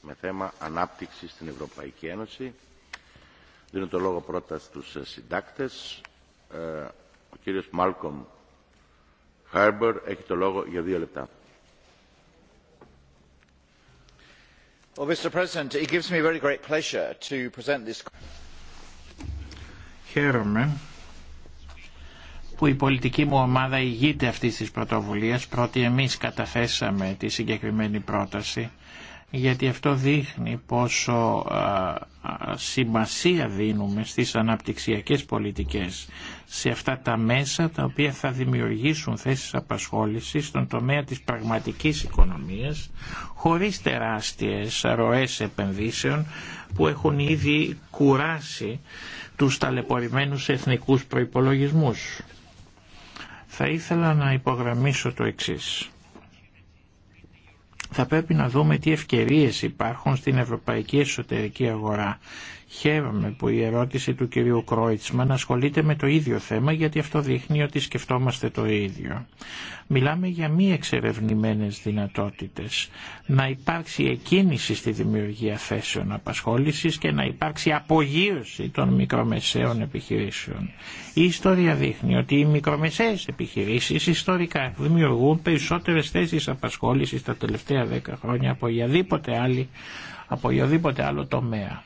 με θέμα ανάπτυξη στην Ευρωπαϊκή Ένωση. Δίνω το λόγο πρώτα στους ε, συντάκτες. Ε, ο κύριος Μάλκομ Χάρμπορ έχει το λόγο για δύο λεπτά. Well, Mr. President, it gives me very great pleasure to present this. Χαίρομαι που η πολιτική μου ομάδα ηγείται αυτής της πρωτοβουλίας. Πρώτοι εμείς καταθέσαμε τη συγκεκριμένη πρόταση γιατί αυτό δείχνει πόσο σημασία δίνουμε στις αναπτυξιακές πολιτικές, σε αυτά τα μέσα τα οποία θα δημιουργήσουν θέσεις απασχόλησης στον τομέα της πραγματικής οικονομίας, χωρίς τεράστιες ροές επενδύσεων που έχουν ήδη κουράσει τους ταλαιπωρημένους εθνικούς προϋπολογισμούς. Θα ήθελα να υπογραμμίσω το εξής θα πρέπει να δούμε τι ευκαιρίες υπάρχουν στην ευρωπαϊκή εσωτερική αγορά Χαίρομαι που η ερώτηση του κυρίου Κρόιτσμαν ασχολείται με το ίδιο θέμα γιατί αυτό δείχνει ότι σκεφτόμαστε το ίδιο. Μιλάμε για μη εξερευνημένες δυνατότητες. Να υπάρξει εκκίνηση στη δημιουργία θέσεων απασχόλησης και να υπάρξει απογείωση των μικρομεσαίων επιχειρήσεων. Η ιστορία δείχνει ότι οι μικρομεσαίες επιχειρήσεις ιστορικά δημιουργούν περισσότερες θέσεις απασχόλησης τα τελευταία δέκα χρόνια από οποιαδήποτε άλλη από οποιοδήποτε άλλο τομέα.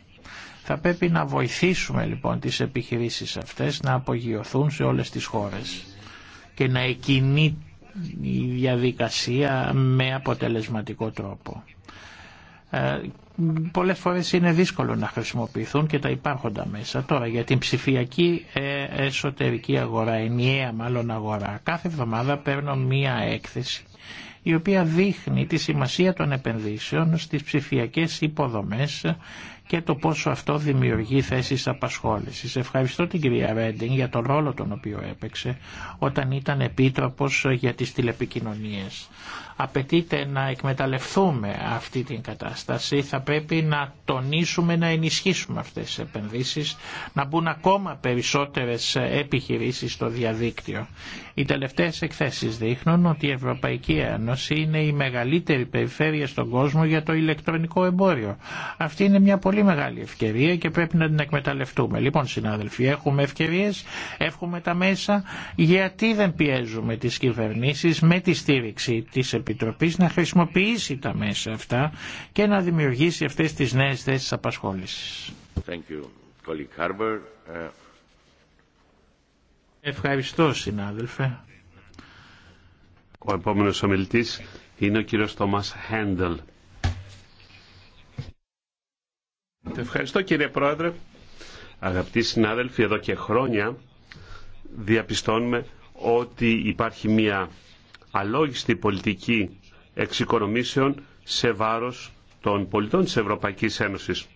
Θα πρέπει να βοηθήσουμε λοιπόν τις επιχειρήσεις αυτές να απογειωθούν σε όλες τις χώρες και να εκινεί η διαδικασία με αποτελεσματικό τρόπο. Ε, πολλές φορές είναι δύσκολο να χρησιμοποιηθούν και τα υπάρχοντα μέσα. Τώρα για την ψηφιακή ε, εσωτερική αγορά, ενιαία μάλλον αγορά, κάθε εβδομάδα παίρνω μία έκθεση η οποία δείχνει τη σημασία των επενδύσεων στις ψηφιακές υποδομές και το πόσο αυτό δημιουργεί θέσεις απασχόλησης. Ευχαριστώ την κυρία Ρέντινγκ για τον ρόλο τον οποίο έπαιξε όταν ήταν επίτροπος για τις τηλεπικοινωνίες απαιτείται να εκμεταλλευτούμε αυτή την κατάσταση, θα πρέπει να τονίσουμε, να ενισχύσουμε αυτές τις επενδύσεις, να μπουν ακόμα περισσότερες επιχειρήσεις στο διαδίκτυο. Οι τελευταίες εκθέσεις δείχνουν ότι η Ευρωπαϊκή Ένωση είναι η μεγαλύτερη περιφέρεια στον κόσμο για το ηλεκτρονικό εμπόριο. Αυτή είναι μια πολύ μεγάλη ευκαιρία και πρέπει να την εκμεταλλευτούμε. Λοιπόν συνάδελφοι, έχουμε ευκαιρίες, έχουμε τα μέσα, γιατί δεν πιέζουμε τις κυβερνήσεις με τη στήριξη της Επιτροπής να χρησιμοποιήσει τα μέσα αυτά και να δημιουργήσει αυτές τις νέες θέσεις απασχόλησης. Thank you. Ε, ευχαριστώ συνάδελφε. Ο επόμενος ομιλητής είναι ο κύριος Τόμας Χέντελ. Ευχαριστώ κύριε Πρόεδρε. Αγαπητοί συνάδελφοι, εδώ και χρόνια διαπιστώνουμε ότι υπάρχει μια αλόγιστη πολιτική εξοικονομήσεων σε βάρος των πολιτών της Ευρωπαϊκής Ένωσης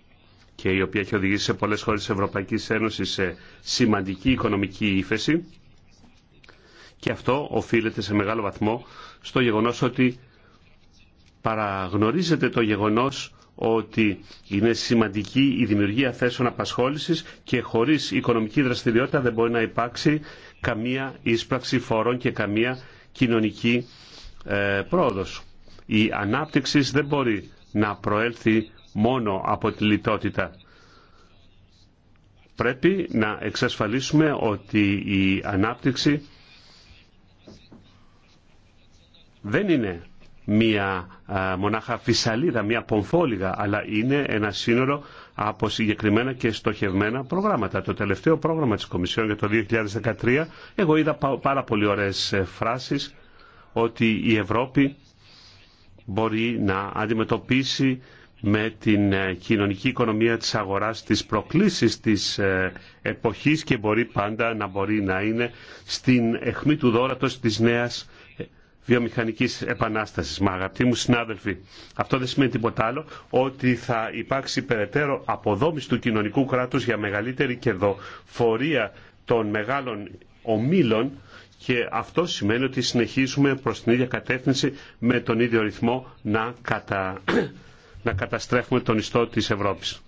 και η οποία έχει οδηγήσει σε πολλές χώρες της Ευρωπαϊκής Ένωσης σε σημαντική οικονομική ύφεση και αυτό οφείλεται σε μεγάλο βαθμό στο γεγονός ότι παραγνωρίζεται το γεγονός ότι είναι σημαντική η δημιουργία θέσεων απασχόλησης και χωρίς οικονομική δραστηριότητα δεν μπορεί να υπάρξει καμία ίσπραξη φόρων και καμία κοινωνική ε, πρόοδος. Η ανάπτυξη δεν μπορεί να προέλθει μόνο από τη λιτότητα. Πρέπει να εξασφαλίσουμε ότι η ανάπτυξη δεν είναι μία μονάχα φυσαλίδα, μία πομφόλιγα, αλλά είναι ένα σύνολο από συγκεκριμένα και στοχευμένα προγράμματα. Το τελευταίο πρόγραμμα της Κομισιόν για το 2013, εγώ είδα πάρα πολύ ωραίες ε, φράσεις ότι η Ευρώπη μπορεί να αντιμετωπίσει με την ε, κοινωνική οικονομία της αγοράς, τις προκλήσεις της ε, εποχής και μπορεί πάντα να μπορεί να είναι στην αιχμή του δόρατος της νέας Βιομηχανική επανάστασης. Μα αγαπητοί μου συνάδελφοι, αυτό δεν σημαίνει τίποτα άλλο ότι θα υπάρξει περαιτέρω αποδόμηση του κοινωνικού κράτους για μεγαλύτερη κερδοφορία των μεγάλων ομίλων και αυτό σημαίνει ότι συνεχίζουμε προς την ίδια κατεύθυνση με τον ίδιο ρυθμό να, κατα... να καταστρέφουμε τον ιστό της Ευρώπης.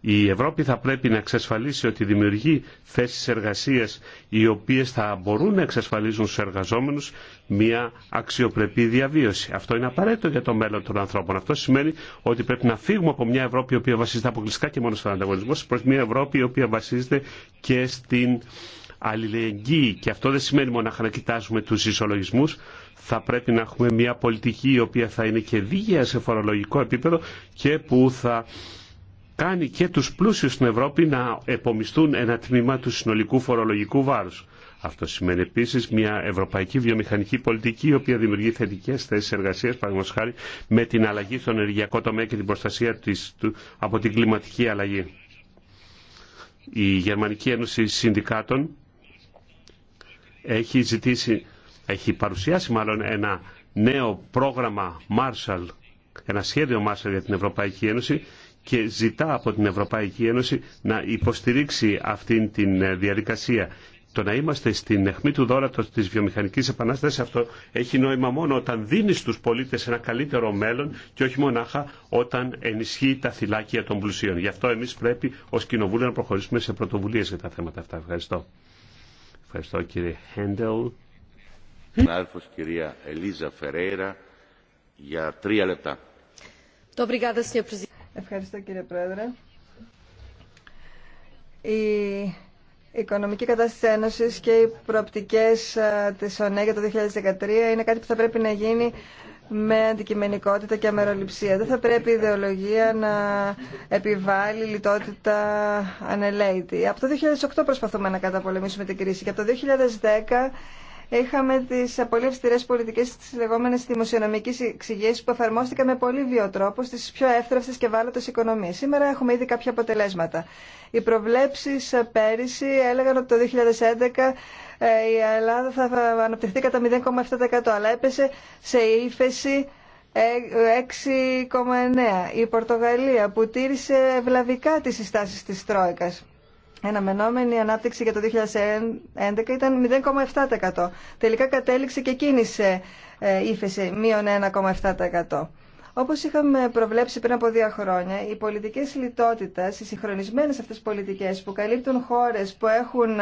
Η Ευρώπη θα πρέπει να εξασφαλίσει ότι δημιουργεί θέσεις εργασίας οι οποίες θα μπορούν να εξασφαλίζουν στους εργαζόμενους μια αξιοπρεπή διαβίωση. Αυτό είναι απαραίτητο για το μέλλον των ανθρώπων. Αυτό σημαίνει ότι πρέπει να φύγουμε από μια Ευρώπη η οποία βασίζεται αποκλειστικά και μόνο στον ανταγωνισμό προς μια Ευρώπη η οποία βασίζεται και στην αλληλεγγύη. Και αυτό δεν σημαίνει μόνο να κοιτάζουμε τους ισολογισμούς, θα πρέπει να έχουμε μια πολιτική η οποία θα είναι και δίγεια σε φορολογικό επίπεδο και που θα κάνει και τους πλούσιους στην Ευρώπη να επομιστούν ένα τμήμα του συνολικού φορολογικού βάρους. Αυτό σημαίνει επίση μια ευρωπαϊκή βιομηχανική πολιτική, η οποία δημιουργεί θετικέ θέσει εργασία, παραδείγματο χάρη με την αλλαγή στον ενεργειακό τομέα και την προστασία της, του, από την κλιματική αλλαγή. Η Γερμανική Ένωση Συνδικάτων έχει ζητήσει, έχει παρουσιάσει μάλλον ένα νέο πρόγραμμα Marshall, ένα σχέδιο Marshall για την Ευρωπαϊκή Ένωση και ζητά από την Ευρωπαϊκή Ένωση να υποστηρίξει αυτήν την ε, διαδικασία. Το να είμαστε στην αιχμή του δόρατος της βιομηχανικής επανάστασης αυτό έχει νόημα μόνο όταν δίνει στους πολίτες ένα καλύτερο μέλλον και όχι μονάχα όταν ενισχύει τα θυλάκια των πλουσίων. Γι' αυτό εμείς πρέπει ως Κοινοβούλιο να προχωρήσουμε σε πρωτοβουλίες για τα θέματα αυτά. Ευχαριστώ. Ευχαριστώ κύριε κυρία για λεπτά. Ευχαριστώ κύριε Πρόεδρε. Η οικονομική κατάσταση της Ένωσης και οι προοπτικές ε, της ΟΝΕ για το 2013 είναι κάτι που θα πρέπει να γίνει με αντικειμενικότητα και αμεροληψία. Δεν θα πρέπει η ιδεολογία να επιβάλλει λιτότητα ανελαίτη. Από το 2008 προσπαθούμε να καταπολεμήσουμε την κρίση και από το 2010 είχαμε τι πολύ αυστηρέ πολιτικέ τη λεγόμενη δημοσιονομική εξηγήση που εφαρμόστηκαν με πολύ βίο τρόπο στι πιο εύθραυστε και βάλωτε οικονομίε. Σήμερα έχουμε ήδη κάποια αποτελέσματα. Οι προβλέψει πέρυσι έλεγαν ότι το 2011 ε, η Ελλάδα θα αναπτυχθεί κατά 0,7% αλλά έπεσε σε ύφεση 6,9. Ε, η Πορτογαλία που τήρησε ευλαβικά τις συστάσεις της Τρόικας αναμενόμενη ανάπτυξη για το 2011 ήταν 0,7%. Τελικά κατέληξε και κίνησε ε, ύφεση μείον 1,7%. Όπως είχαμε προβλέψει πριν από δύο χρόνια, οι πολιτικές λιτότητας, οι συγχρονισμένες αυτές πολιτικές που καλύπτουν χώρες που έχουν...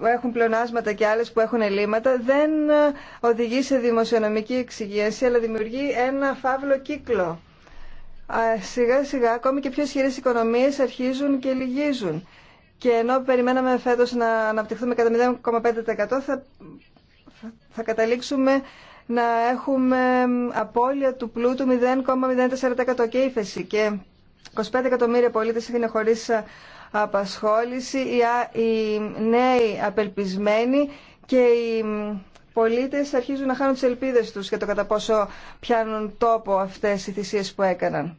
που έχουν πλεονάσματα και άλλες που έχουν ελλείμματα, δεν ε, οδηγεί σε δημοσιονομική εξυγίαση, αλλά δημιουργεί ένα φαύλο κύκλο σιγά σιγά ακόμη και πιο ισχυρέ οικονομίε αρχίζουν και λυγίζουν. Και ενώ περιμέναμε φέτο να αναπτυχθούμε κατά 0,5% θα, θα καταλήξουμε να έχουμε απώλεια του πλούτου 0,04% και ύφεση. Και 25 εκατομμύρια πολίτες είναι χωρίς απασχόληση, οι νέοι απελπισμένοι και οι πολίτες αρχίζουν να χάνουν τις ελπίδες τους για το κατά πόσο πιάνουν τόπο αυτές οι θυσίες που έκαναν.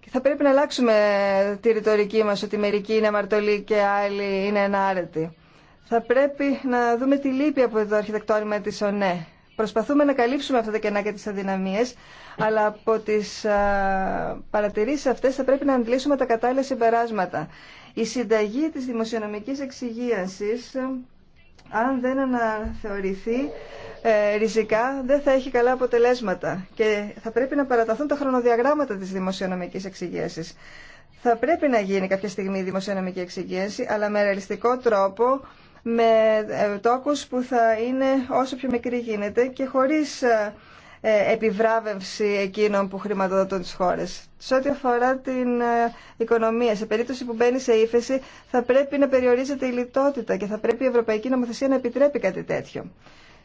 Και θα πρέπει να αλλάξουμε τη ρητορική μας ότι μερικοί είναι αμαρτωλοί και άλλοι είναι ενάρετοι. Θα πρέπει να δούμε τη λύπη από το αρχιτεκτόνημα τη ΟΝΕ. Προσπαθούμε να καλύψουμε αυτά τα κενά και τις αδυναμίες, αλλά από τις παρατηρήσει παρατηρήσεις αυτές θα πρέπει να αντλήσουμε τα κατάλληλα συμπεράσματα. Η συνταγή της δημοσιονομικής εξυγίασης αν δεν αναθεωρηθεί ε, ριζικά δεν θα έχει καλά αποτελέσματα και θα πρέπει να παραταθούν τα χρονοδιαγράμματα της δημοσιονομικής εξηγίασης. Θα πρέπει να γίνει κάποια στιγμή η δημοσιονομική εξυγίαση, αλλά με ρεαλιστικό τρόπο, με ε, τόκους που θα είναι όσο πιο μικρή γίνεται και χωρίς ε, ε, επιβράβευση εκείνων που χρηματοδοτούν τις χώρες. Σε ό,τι αφορά την ε, οικονομία, σε περίπτωση που μπαίνει σε ύφεση θα πρέπει να περιορίζεται η λιτότητα και θα πρέπει η Ευρωπαϊκή Νομοθεσία να επιτρέπει κάτι τέτοιο.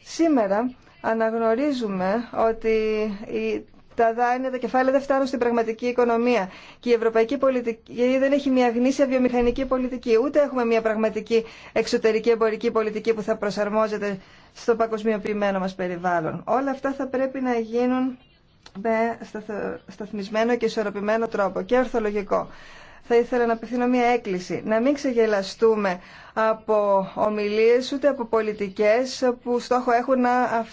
Σήμερα αναγνωρίζουμε ότι η τα δάνεια, τα κεφάλαια δεν φτάνουν στην πραγματική οικονομία. Και η ευρωπαϊκή πολιτική δεν έχει μια γνήσια βιομηχανική πολιτική. Ούτε έχουμε μια πραγματική εξωτερική εμπορική πολιτική που θα προσαρμόζεται στο παγκοσμιοποιημένο μα περιβάλλον. Όλα αυτά θα πρέπει να γίνουν με σταθμισμένο και ισορροπημένο τρόπο και ορθολογικό θα ήθελα να απευθύνω μια έκκληση. Να μην ξεγελαστούμε από ομιλίες ούτε από πολιτικές που στόχο έχουν να,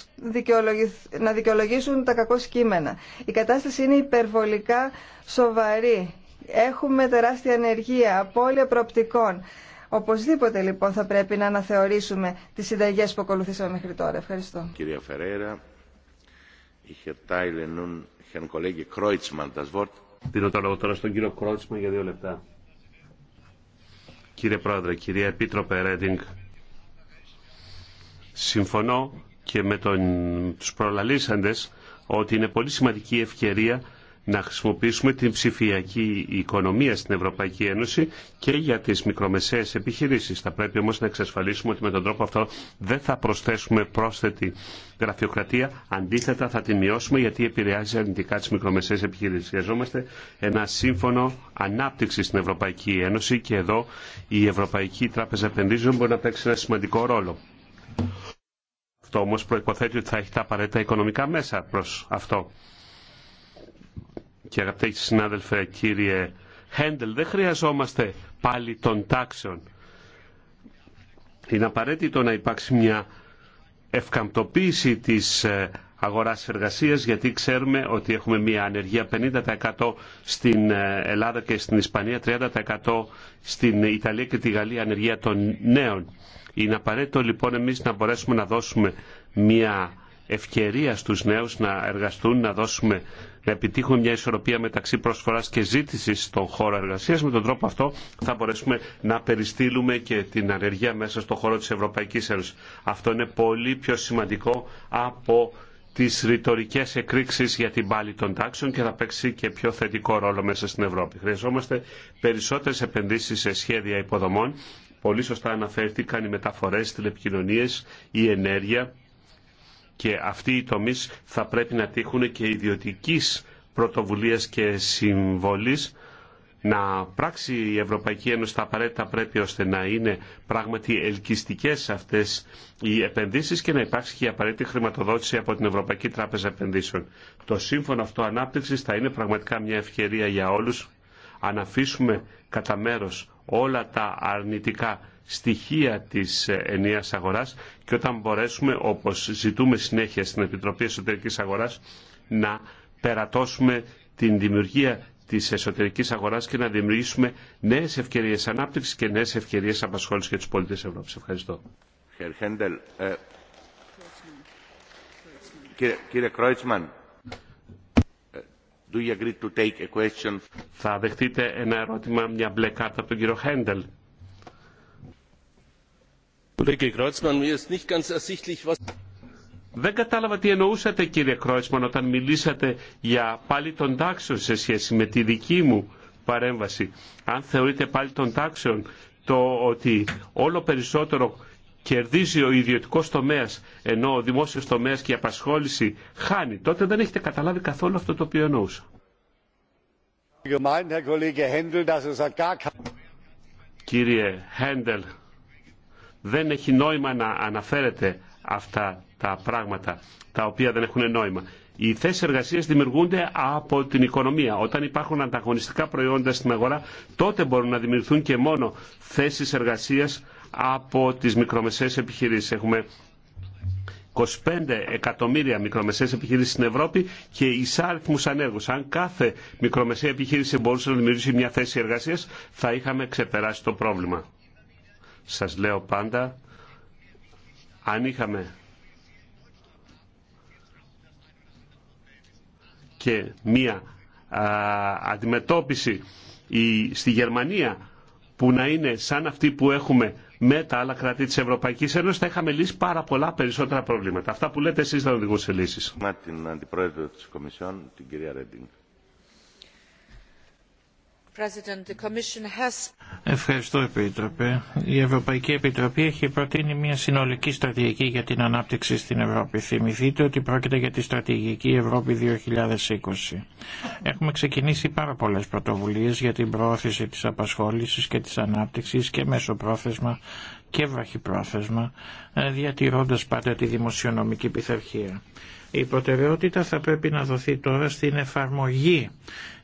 δικαιολογήσουν τα κακό κείμενα. Η κατάσταση είναι υπερβολικά σοβαρή. Έχουμε τεράστια ανεργία, απώλεια προοπτικών. Οπωσδήποτε λοιπόν θα πρέπει να αναθεωρήσουμε τις συνταγές που ακολουθήσαμε μέχρι τώρα. Ευχαριστώ. Κυρία είχε είχε Κρόιτσμαν, Δίνω το λόγο τώρα στον κύριο Κρότσμα για δύο λεπτά. Κύριε Πρόεδρε, κυρία Επίτροπε Ρέντινγκ, συμφωνώ και με τον, τους προλαλήσαντες ότι είναι πολύ σημαντική ευκαιρία να χρησιμοποιήσουμε την ψηφιακή οικονομία στην Ευρωπαϊκή Ένωση και για τι μικρομεσαίες επιχειρήσει. Θα πρέπει όμω να εξασφαλίσουμε ότι με τον τρόπο αυτό δεν θα προσθέσουμε πρόσθετη γραφειοκρατία. Αντίθετα θα την μειώσουμε γιατί επηρεάζει αρνητικά τι μικρομεσαίες επιχειρήσει. Χρειαζόμαστε ένα σύμφωνο ανάπτυξη στην Ευρωπαϊκή Ένωση και εδώ η Ευρωπαϊκή Τράπεζα Επενδύσεων μπορεί να παίξει ένα σημαντικό ρόλο. Αυτό όμω προποθέτει ότι θα έχει τα απαραίτητα οικονομικά μέσα προ αυτό και αγαπητέ συνάδελφε κύριε Χέντελ, δεν χρειαζόμαστε πάλι των τάξεων. Είναι απαραίτητο να υπάρξει μια ευκαμπτοποίηση της ε, αγοράς εργασίας γιατί ξέρουμε ότι έχουμε μια ανεργία 50% στην ε, Ελλάδα και στην Ισπανία, 30% στην Ιταλία και τη Γαλλία ανεργία των νέων. Είναι απαραίτητο λοιπόν εμείς να μπορέσουμε να δώσουμε μια ευκαιρία στους νέους να εργαστούν, να δώσουμε να επιτύχουν μια ισορροπία μεταξύ προσφοράς και ζήτησης στον χώρο εργασίας. Με τον τρόπο αυτό θα μπορέσουμε να περιστήλουμε και την ανεργία μέσα στον χώρο της Ευρωπαϊκής Ένωσης. Αυτό είναι πολύ πιο σημαντικό από τις ρητορικέ εκρήξεις για την πάλη των τάξεων και θα παίξει και πιο θετικό ρόλο μέσα στην Ευρώπη. Χρειαζόμαστε περισσότερες επενδύσεις σε σχέδια υποδομών. Πολύ σωστά αναφέρθηκαν οι μεταφορές, τηλεπικοινωνίες, η ενέργεια και αυτοί οι τομείς θα πρέπει να τύχουν και ιδιωτική πρωτοβουλίας και συμβολής να πράξει η Ευρωπαϊκή Ένωση τα απαραίτητα πρέπει ώστε να είναι πράγματι ελκυστικές αυτές οι επενδύσεις και να υπάρξει και η απαραίτητη χρηματοδότηση από την Ευρωπαϊκή Τράπεζα Επενδύσεων. Το σύμφωνο αυτό ανάπτυξης θα είναι πραγματικά μια ευκαιρία για όλους αν αφήσουμε κατά μέρο όλα τα αρνητικά στοιχεία της ενιαίας αγοράς και όταν μπορέσουμε, όπως ζητούμε συνέχεια στην Επιτροπή Εσωτερικής Αγοράς, να περατώσουμε την δημιουργία της εσωτερικής αγοράς και να δημιουργήσουμε νέες ευκαιρίες ανάπτυξης και νέες ευκαιρίες απασχόλησης για τους πολίτες Ευρώπης. Ευχαριστώ. Κύριε, Θα δεχτείτε ένα ερώτημα, μια μπλε κάρτα από τον κύριο Χέντελ. Δεν κατάλαβα τι εννοούσατε κύριε Κρόισμαν όταν μιλήσατε για πάλι των τάξεων σε σχέση με τη δική μου παρέμβαση. Αν θεωρείτε πάλι των τάξεων το ότι όλο περισσότερο κερδίζει ο ιδιωτικός τομέας ενώ ο δημόσιος τομέας και η απασχόληση χάνει, τότε δεν έχετε καταλάβει καθόλου αυτό το οποίο εννοούσα. Κύριε Χέντελ, δεν έχει νόημα να αναφέρετε αυτά τα πράγματα τα οποία δεν έχουν νόημα. Οι θέσει εργασία δημιουργούνται από την οικονομία. Όταν υπάρχουν ανταγωνιστικά προϊόντα στην αγορά, τότε μπορούν να δημιουργηθούν και μόνο θέσει εργασία από τι μικρομεσαίες επιχειρήσει. Έχουμε 25 εκατομμύρια μικρομεσαίες επιχειρήσεις στην Ευρώπη και εισάριθμους ανέργους. Αν κάθε μικρομεσαία επιχείρηση μπορούσε να δημιουργήσει μια θέση εργασίας, θα είχαμε ξεπεράσει το πρόβλημα. Σας λέω πάντα, αν είχαμε και μία αντιμετώπιση στη Γερμανία που να είναι σαν αυτή που έχουμε με τα άλλα κράτη της Ευρωπαϊκής Ένωσης θα είχαμε λύσει πάρα πολλά περισσότερα προβλήματα. Αυτά που λέτε εσείς θα οδηγούν σε λύσεις. την Αντιπρόεδρο της Κομισιόν, την κυρία Ρέντινγκ. Ευχαριστώ, Επίτροπε. Η Ευρωπαϊκή Επιτροπή έχει προτείνει μια συνολική στρατηγική για την ανάπτυξη στην Ευρώπη. Θυμηθείτε ότι πρόκειται για τη στρατηγική Ευρώπη 2020. Έχουμε ξεκινήσει πάρα πολλές πρωτοβουλίες για την προώθηση της απασχόλησης και της ανάπτυξης και μέσω πρόθεσμα και βαχυπρόθεσμα, ε, διατηρώντας πάντα τη δημοσιονομική πειθαρχία. Η προτεραιότητα θα πρέπει να δοθεί τώρα στην εφαρμογή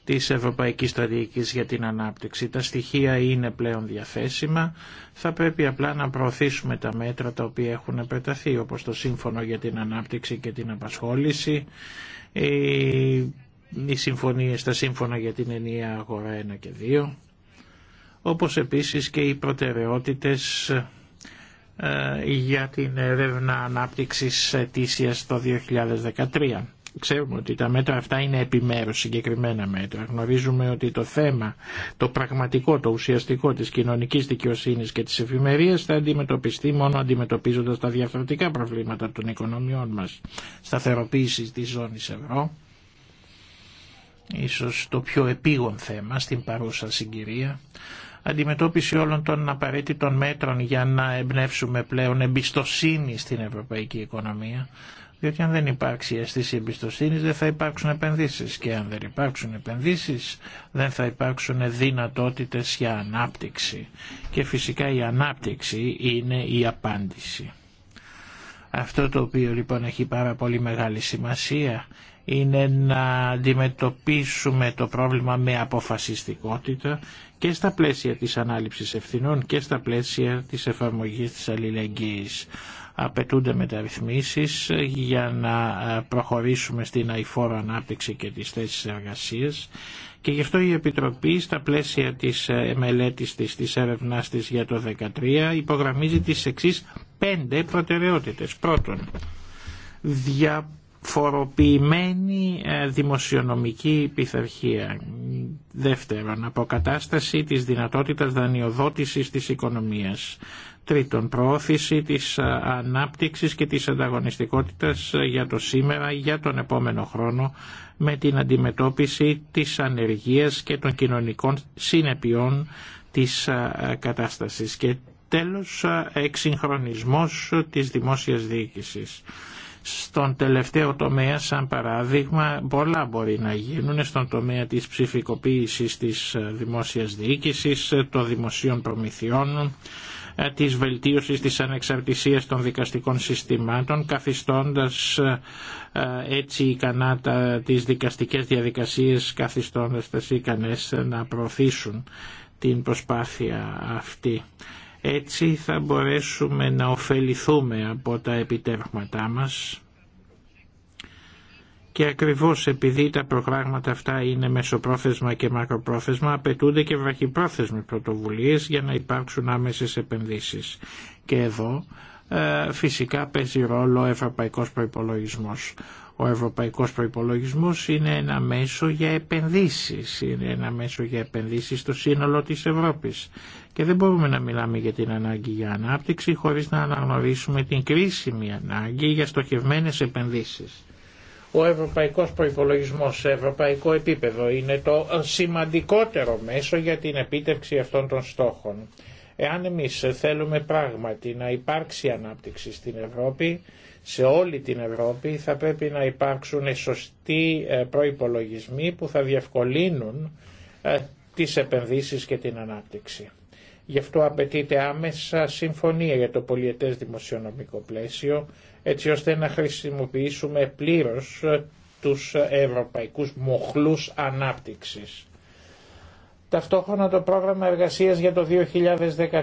της Ευρωπαϊκής Στρατηγικής για την Ανάπτυξη. Τα στοιχεία είναι πλέον διαθέσιμα. Θα πρέπει απλά να προωθήσουμε τα μέτρα τα οποία έχουν επεταθεί, όπως το Σύμφωνο για την Ανάπτυξη και την Απασχόληση, οι συμφωνίες, τα Σύμφωνα για την Ενία, Αγορά 1 και 2, όπως επίσης και οι προτεραιότητες ε, για την έρευνα ανάπτυξης αιτήσια το 2013. Ξέρουμε ότι τα μέτρα αυτά είναι επιμέρους συγκεκριμένα μέτρα. Γνωρίζουμε ότι το θέμα, το πραγματικό, το ουσιαστικό της κοινωνικής δικαιοσύνης και της εφημερίας θα αντιμετωπιστεί μόνο αντιμετωπίζοντας τα διαφορετικά προβλήματα των οικονομιών μας. Σταθεροποίηση της ζώνης ευρώ, ίσως το πιο επίγον θέμα στην παρούσα συγκυρία, αντιμετώπιση όλων των απαραίτητων μέτρων για να εμπνεύσουμε πλέον εμπιστοσύνη στην ευρωπαϊκή οικονομία, διότι αν δεν υπάρξει αίσθηση εμπιστοσύνης δεν θα υπάρξουν επενδύσεις και αν δεν υπάρξουν επενδύσεις δεν θα υπάρξουν δυνατότητες για ανάπτυξη και φυσικά η ανάπτυξη είναι η απάντηση. Αυτό το οποίο λοιπόν έχει πάρα πολύ μεγάλη σημασία είναι να αντιμετωπίσουμε το πρόβλημα με αποφασιστικότητα και στα πλαίσια της ανάληψης ευθυνών και στα πλαίσια της εφαρμογής της αλληλεγγύης απαιτούνται μεταρρυθμίσεις για να ε, προχωρήσουμε στην αηφόρο ανάπτυξη και τις θέσεις εργασίας και γι' αυτό η Επιτροπή στα πλαίσια της ε, μελέτης της, της έρευνάς της για το 2013 υπογραμμίζει τις εξής πέντε προτεραιότητες. Πρώτον, διαφοροποιημένη ε, δημοσιονομική πειθαρχία. Δεύτερον, αποκατάσταση της δυνατότητας δανειοδότησης της οικονομίας. Τρίτον, προώθηση της ανάπτυξης και της ανταγωνιστικότητας για το σήμερα ή για τον επόμενο χρόνο με την αντιμετώπιση της ανεργίας και των κοινωνικών συνεπειών της κατάστασης. Και τέλος, εξυγχρονισμός της δημόσιας διοίκησης. Στον τελευταίο τομέα, σαν παράδειγμα, πολλά μπορεί να γίνουν στον τομέα της ψηφικοποίησης της δημόσιας διοίκησης, των δημοσίων προμηθειών, της βελτίωσης της ανεξαρτησίας των δικαστικών συστημάτων καθιστώντας ε, ε, έτσι ικανά τις δικαστικές διαδικασίες καθιστώντας τις ικανές να προωθήσουν την προσπάθεια αυτή. Έτσι θα μπορέσουμε να ωφεληθούμε από τα επιτεύγματά μας και ακριβώς επειδή τα προγράμματα αυτά είναι μεσοπρόθεσμα και μακροπρόθεσμα, απαιτούνται και βραχυπρόθεσμοι πρωτοβουλίες για να υπάρξουν άμεσες επενδύσεις. Και εδώ ε, φυσικά παίζει ρόλο ο ευρωπαϊκός προϋπολογισμός. Ο ευρωπαϊκός προϋπολογισμός είναι ένα μέσο για επενδύσεις, είναι ένα μέσο για επενδύσεις στο σύνολο της Ευρώπης. Και δεν μπορούμε να μιλάμε για την ανάγκη για ανάπτυξη χωρίς να αναγνωρίσουμε την κρίσιμη ανάγκη για στοχευμένε επενδύσεις ο ευρωπαϊκός προϋπολογισμός σε ευρωπαϊκό επίπεδο είναι το σημαντικότερο μέσο για την επίτευξη αυτών των στόχων. Εάν εμείς θέλουμε πράγματι να υπάρξει ανάπτυξη στην Ευρώπη, σε όλη την Ευρώπη θα πρέπει να υπάρξουν σωστοί ε, προϋπολογισμοί που θα διευκολύνουν ε, τις επενδύσεις και την ανάπτυξη. Γι' αυτό απαιτείται άμεσα συμφωνία για το πολιετές δημοσιονομικό πλαίσιο, έτσι ώστε να χρησιμοποιήσουμε πλήρως τους ευρωπαϊκούς μοχλούς ανάπτυξης. Ταυτόχρονα το πρόγραμμα εργασίας για το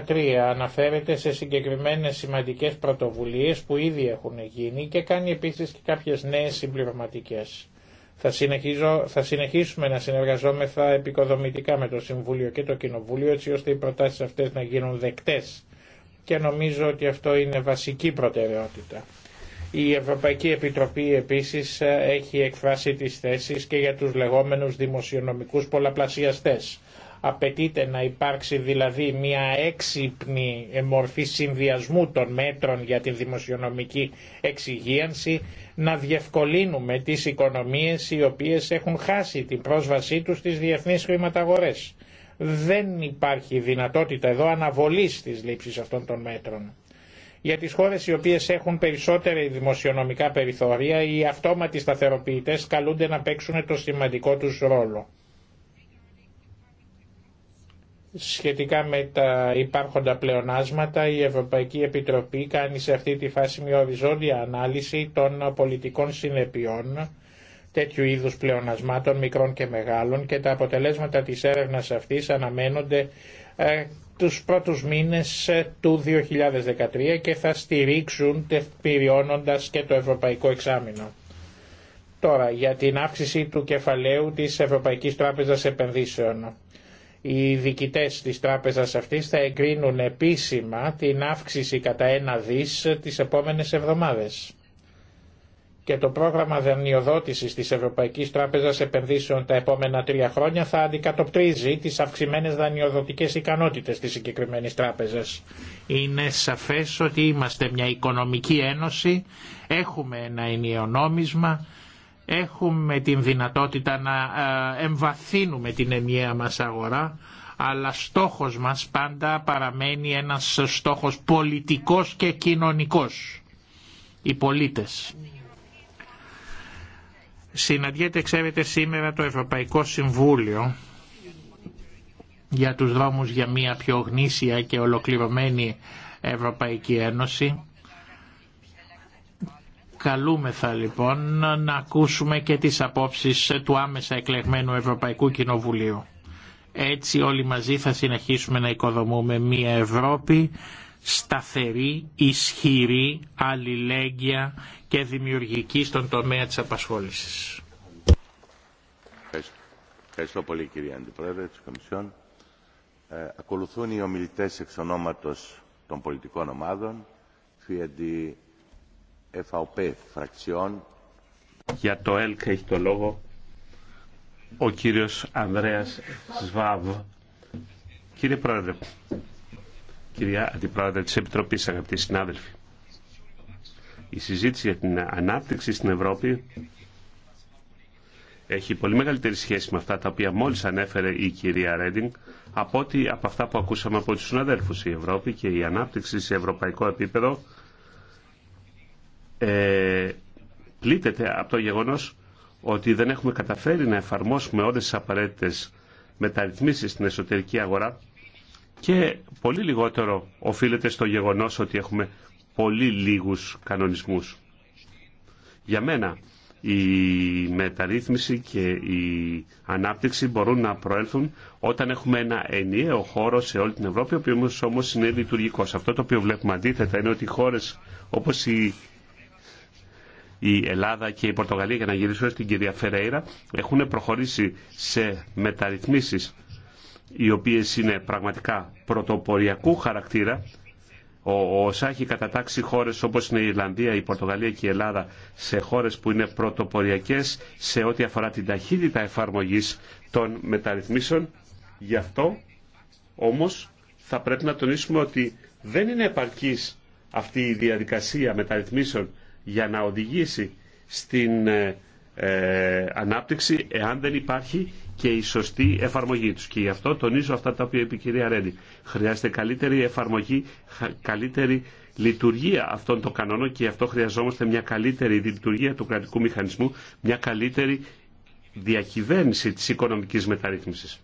2013 αναφέρεται σε συγκεκριμένες σημαντικές πρωτοβουλίες που ήδη έχουν γίνει και κάνει επίσης και κάποιες νέες συμπληρωματικές. Θα, συνεχίζω, θα συνεχίσουμε να συνεργαζόμεθα επικοδομητικά με το Συμβούλιο και το Κοινοβούλιο έτσι ώστε οι προτάσεις αυτές να γίνουν δεκτές και νομίζω ότι αυτό είναι βασική προτεραιότητα. Η Ευρωπαϊκή Επιτροπή επίσης ε, έχει εκφράσει τις θέσεις και για τους λεγόμενους δημοσιονομικούς πολλαπλασιαστές. Απαιτείται να υπάρξει δηλαδή μια έξυπνη μορφή συνδυασμού των μέτρων για τη δημοσιονομική εξυγίανση, να διευκολύνουμε τις οικονομίες οι οποίες έχουν χάσει την πρόσβασή τους στις διεθνείς χρηματαγορές. Δεν υπάρχει δυνατότητα εδώ αναβολής της λήψης αυτών των μέτρων. Για τις χώρες οι οποίες έχουν περισσότερη δημοσιονομικά περιθώρια, οι αυτόματοι σταθεροποιητές καλούνται να παίξουν το σημαντικό τους ρόλο Σχετικά με τα υπάρχοντα πλεονάσματα, η Ευρωπαϊκή Επιτροπή κάνει σε αυτή τη φάση μια οριζόντια ανάλυση των πολιτικών συνεπειών τέτοιου είδους πλεονασμάτων μικρών και μεγάλων και τα αποτελέσματα της έρευνας αυτής αναμένονται ε, τους πρώτους μήνες ε, του 2013 και θα στηρίξουν τεκπηριώνοντας και το ευρωπαϊκό εξάμεινο. Τώρα, για την αύξηση του κεφαλαίου της Ευρωπαϊκής Τράπεζας Επενδύσεων. Οι διοικητές της τράπεζας αυτής θα εγκρίνουν επίσημα την αύξηση κατά ένα δις τις επόμενες εβδομάδες. Και το πρόγραμμα δανειοδότησης της Ευρωπαϊκής Τράπεζας Επενδύσεων τα επόμενα τρία χρόνια θα αντικατοπτρίζει τις αυξημένες δανειοδοτικές ικανότητες της συγκεκριμένη τράπεζας. Είναι σαφές ότι είμαστε μια οικονομική ένωση, έχουμε ένα ενιαίο νόμισμα, έχουμε την δυνατότητα να ε, εμβαθύνουμε την ενιαία μας αγορά αλλά στόχος μας πάντα παραμένει ένας στόχος πολιτικός και κοινωνικός. Οι πολίτες. Συναντιέται, ξέρετε, σήμερα το Ευρωπαϊκό Συμβούλιο για τους δρόμους για μια πιο γνήσια και ολοκληρωμένη Ευρωπαϊκή Ένωση Καλούμεθα λοιπόν να ακούσουμε και τις απόψεις του άμεσα εκλεγμένου Ευρωπαϊκού Κοινοβουλίου. Έτσι όλοι μαζί θα συνεχίσουμε να οικοδομούμε μια Ευρώπη σταθερή, ισχυρή, αλληλέγγυα και δημιουργική στον τομέα της απασχόλησης. Ευχαριστώ, πολύ κύριε Αντιπρόεδρε της Κομισιόν. Ε, ακολουθούν οι ομιλητές εξ των πολιτικών ομάδων. Για το ΕΛΚ έχει το λόγο ο κύριος Ανδρέας Σβάβ. Κύριε Πρόεδρε, κυρία Αντιπρόεδρε της Επιτροπής, αγαπητοί συνάδελφοι, η συζήτηση για την ανάπτυξη στην Ευρώπη έχει πολύ μεγαλύτερη σχέση με αυτά τα οποία μόλις ανέφερε η κυρία Ρέντινγκ από ότι από αυτά που ακούσαμε από τους συναδέλφους. Η Ευρώπη και η ανάπτυξη σε ευρωπαϊκό επίπεδο ε, πλήττεται από το γεγονός ότι δεν έχουμε καταφέρει να εφαρμόσουμε όλες τις απαραίτητες μεταρρυθμίσεις στην εσωτερική αγορά και πολύ λιγότερο οφείλεται στο γεγονός ότι έχουμε πολύ λίγους κανονισμούς. Για μένα η μεταρρύθμιση και η ανάπτυξη μπορούν να προέλθουν όταν έχουμε ένα ενιαίο χώρο σε όλη την Ευρώπη, ο οποίος όμως είναι λειτουργικός. Αυτό το οποίο βλέπουμε αντίθετα είναι ότι χώρες όπως η η Ελλάδα και η Πορτογαλία, για να γυρίσω στην κυρία Φερέιρα, έχουν προχωρήσει σε μεταρρυθμίσεις οι οποίες είναι πραγματικά πρωτοποριακού χαρακτήρα. Ο ΩΣΑ έχει κατατάξει χώρες όπως είναι η Ιρλανδία, η Πορτογαλία και η Ελλάδα σε χώρες που είναι πρωτοποριακές σε ό,τι αφορά την ταχύτητα εφαρμογής των μεταρρυθμίσεων. Γι' αυτό όμως θα πρέπει να τονίσουμε ότι δεν είναι επαρκής αυτή η διαδικασία μεταρρυθμίσεων για να οδηγήσει στην ε, ε, ανάπτυξη εάν δεν υπάρχει και η σωστή εφαρμογή τους. Και γι' αυτό τονίζω αυτά τα οποία είπε η κυρία Ρέντι. Χρειάζεται καλύτερη εφαρμογή, καλύτερη λειτουργία αυτών των κανόνων και γι' αυτό χρειαζόμαστε μια καλύτερη λειτουργία του κρατικού μηχανισμού, μια καλύτερη διακυβέρνηση της οικονομικής μεταρρύθμισης.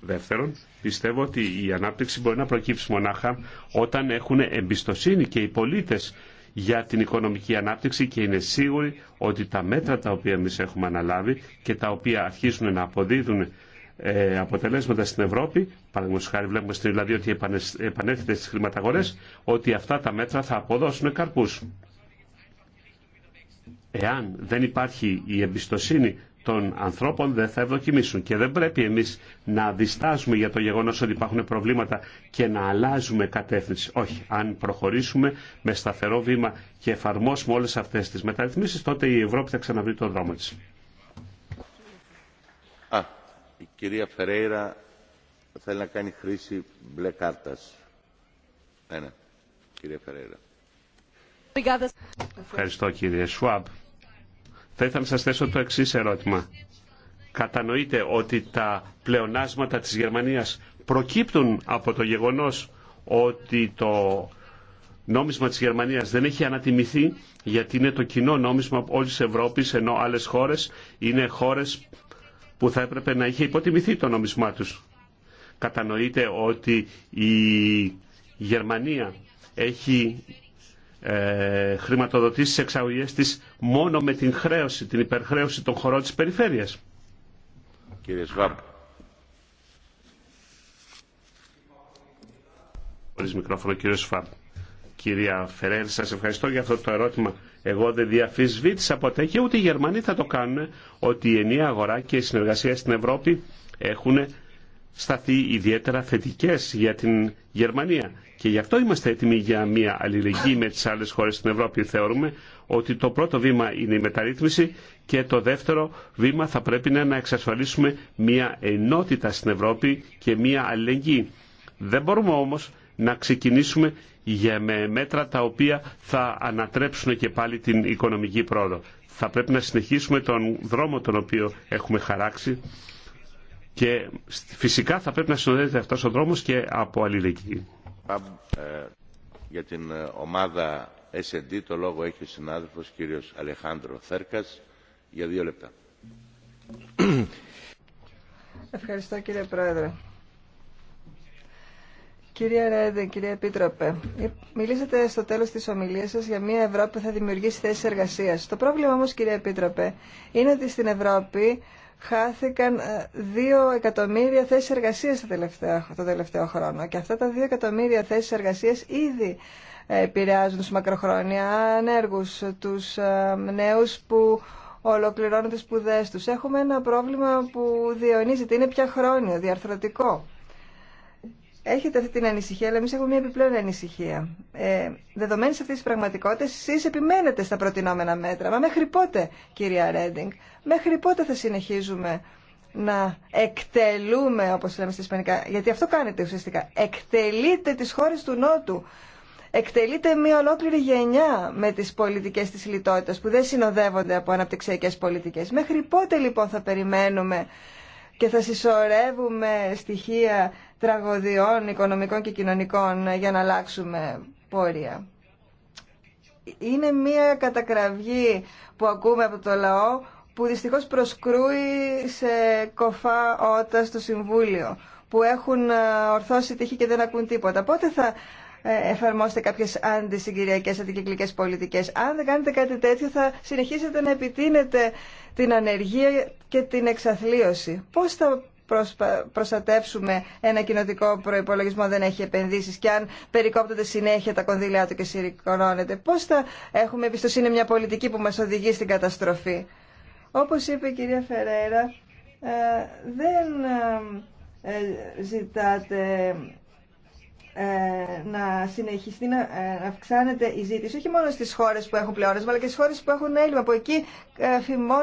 Δεύτερον, πιστεύω ότι η ανάπτυξη μπορεί να προκύψει μονάχα όταν έχουν εμπιστοσύνη και οι πολίτες για την οικονομική ανάπτυξη και είναι σίγουροι ότι τα μέτρα τα οποία εμεί έχουμε αναλάβει και τα οποία αρχίζουν να αποδίδουν ε, αποτελέσματα στην Ευρώπη, παραδείγματο χάρη βλέπουμε στην Ελλάδα ότι επανέρχεται στι χρηματαγορέ, ότι αυτά τα μέτρα θα αποδώσουν καρπού. Εάν δεν υπάρχει η εμπιστοσύνη των ανθρώπων δεν θα ευδοκιμήσουν. Και δεν πρέπει εμείς να διστάζουμε για το γεγονός ότι υπάρχουν προβλήματα και να αλλάζουμε κατεύθυνση. Όχι, αν προχωρήσουμε με σταθερό βήμα και εφαρμόσουμε όλες αυτές τις μεταρρυθμίσεις, τότε η Ευρώπη θα ξαναβρει τον δρόμο της. Α, η κυρία Φερέιρα θέλει να κάνει χρήση μπλε κάρτας. Ναι, ναι. κυρία Ευχαριστώ κύριε Σουάμπ. Θα ήθελα να σας θέσω το εξή ερώτημα. Κατανοείτε ότι τα πλεονάσματα της Γερμανίας προκύπτουν από το γεγονός ότι το νόμισμα της Γερμανίας δεν έχει ανατιμηθεί γιατί είναι το κοινό νόμισμα όλης της Ευρώπης ενώ άλλες χώρες είναι χώρες που θα έπρεπε να είχε υποτιμηθεί το νόμισμά τους. Κατανοείτε ότι η Γερμανία έχει ε, χρηματοδοτήσει τι εξαγωγέ τη μόνο με την χρέωση, την υπερχρέωση των χωρών της περιφέρειας. Κύριε Σβάμπ. Χωρί μικρόφωνο κύριε Σφάμπ. Κυρία Φερέρ, σας ευχαριστώ για αυτό το ερώτημα. Εγώ δεν διαφυσβήτησα ποτέ και ούτε οι Γερμανοί θα το κάνουν ότι η ενιαία αγορά και η συνεργασία στην Ευρώπη έχουν σταθεί ιδιαίτερα θετικές για την Γερμανία. Και γι' αυτό είμαστε έτοιμοι για μια αλληλεγγύη με τις άλλες χώρες στην Ευρώπη. Θεωρούμε ότι το πρώτο βήμα είναι η μεταρρύθμιση και το δεύτερο βήμα θα πρέπει να, εξασφαλίσουμε μια ενότητα στην Ευρώπη και μια αλληλεγγύη. Δεν μπορούμε όμως να ξεκινήσουμε για με μέτρα τα οποία θα ανατρέψουν και πάλι την οικονομική πρόοδο. Θα πρέπει να συνεχίσουμε τον δρόμο τον οποίο έχουμε χαράξει και φυσικά θα πρέπει να συνοδεύεται αυτός ο δρόμος και από αλληλεγγύη. Ε, για την ε, ομάδα S&D το λόγο έχει ο συνάδελφος κύριος Αλεχάνδρο Θέρκας για δύο λεπτά. Ευχαριστώ κύριε Πρόεδρε. Κύριε Ρέντε, κύριε Επίτροπε, ε, μιλήσατε στο τέλος της ομιλίας σας για μια Ευρώπη που θα δημιουργήσει θέσεις εργασίας. Το πρόβλημα όμως, κύριε Επίτροπε, είναι ότι στην Ευρώπη χάθηκαν 2 ε, εκατομμύρια θέσεις εργασίας το τελευταίο, το τελευταίο χρόνο και αυτά τα 2 εκατομμύρια θέσεις εργασίας ήδη ε, επηρεάζουν τους μακροχρόνια ανέργους, τους ε, νέους που ολοκληρώνουν τις σπουδές τους. Έχουμε ένα πρόβλημα που διαιωνίζεται, είναι πια χρόνιο, διαρθρωτικό. Έχετε αυτή την ανησυχία, αλλά εμεί έχουμε μια επιπλέον ανησυχία. Ε, Δεδομένη αυτή τη πραγματικότητα, εσεί επιμένετε στα προτινόμενα μέτρα. Μα μέχρι πότε, κυρία Ρέντινγκ, μέχρι πότε θα συνεχίζουμε να εκτελούμε, όπω λέμε στα Ισπανικά, γιατί αυτό κάνετε ουσιαστικά. Εκτελείτε τι χώρε του Νότου. εκτελείτε μια ολόκληρη γενιά με τι πολιτικέ τη λιτότητα που δεν συνοδεύονται από αναπτυξιακέ πολιτικέ. Μέχρι πότε λοιπόν θα περιμένουμε και θα συσσωρεύουμε στοιχεία τραγωδιών οικονομικών και κοινωνικών ε, για να αλλάξουμε πόρια. Είναι μια κατακραυγή που ακούμε από το λαό που δυστυχώς προσκρούει σε κοφά ότα στο Συμβούλιο που έχουν ε, ορθώσει τύχη και δεν ακούν τίποτα. Πότε θα ε, εφαρμόσετε κάποιες αντισυγκυριακές, αντικυκλικές πολιτικές. Αν δεν κάνετε κάτι τέτοιο θα συνεχίσετε να επιτείνετε την ανεργία και την εξαθλίωση. Πώς θα προσπα... προστατεύσουμε ένα κοινοτικό προπολογισμό δεν έχει επενδύσει και αν περικόπτονται συνέχεια τα κονδύλια του και συρρυκνώνεται. Πώ θα έχουμε εμπιστοσύνη μια πολιτική που μα οδηγεί στην καταστροφή. Όπω είπε η κυρία Φεραίρα, ε, δεν ε, ζητάτε ε, να συνεχιστεί να αυξάνεται η ζήτηση όχι μόνο στις χώρες που έχουν πλεόνασμα αλλά και στις χώρες που έχουν έλλειμμα που εκεί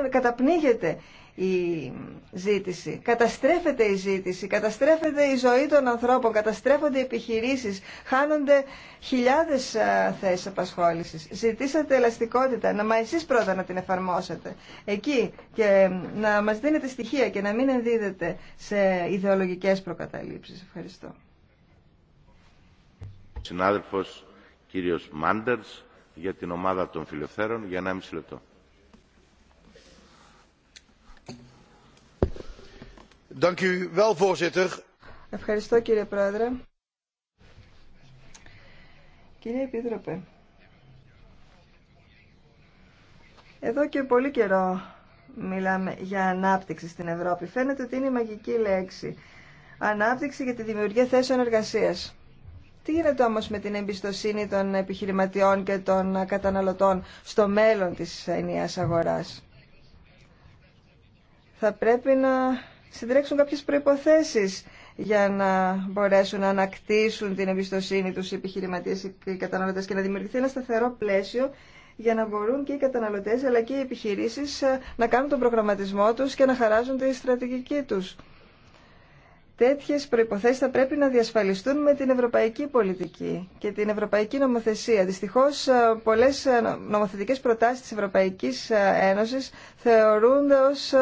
καταπνίγεται η ζήτηση. Καταστρέφεται η ζήτηση, καταστρέφεται η ζωή των ανθρώπων, καταστρέφονται οι επιχειρήσεις, χάνονται χιλιάδες ε, θέσεις απασχόλησης. Ζητήσατε ελαστικότητα, να μα εσείς πρώτα να την εφαρμόσετε εκεί και να μας δίνετε στοιχεία και να μην ενδίδετε σε ιδεολογικές προκαταλήψεις. Ευχαριστώ. Συνάδελφος κύριος Μάντερς για την ομάδα των για 1,5 λεπτό. Ευχαριστώ κύριε Πρόεδρε. Κύριε Επίτροπε, εδώ και πολύ καιρό μιλάμε για ανάπτυξη στην Ευρώπη. Φαίνεται ότι είναι η μαγική λέξη. Ανάπτυξη για τη δημιουργία θέσεων εργασίας. Τι γίνεται όμως με την εμπιστοσύνη των επιχειρηματιών και των καταναλωτών στο μέλλον της ενιαίας αγοράς. Θα πρέπει να συντρέξουν κάποιες προϋποθέσεις για να μπορέσουν να ανακτήσουν την εμπιστοσύνη τους οι επιχειρηματίες και οι καταναλωτές και να δημιουργηθεί ένα σταθερό πλαίσιο για να μπορούν και οι καταναλωτές αλλά και οι επιχειρήσεις ε, να κάνουν τον προγραμματισμό τους και να χαράζουν τη στρατηγική τους. Τέτοιες προϋποθέσεις θα πρέπει να διασφαλιστούν με την ευρωπαϊκή πολιτική και την ευρωπαϊκή νομοθεσία. Δυστυχώς, ε, πολλές ε, νομοθετικές προτάσεις της Ευρωπαϊκής Ένωσης θεωρούνται ως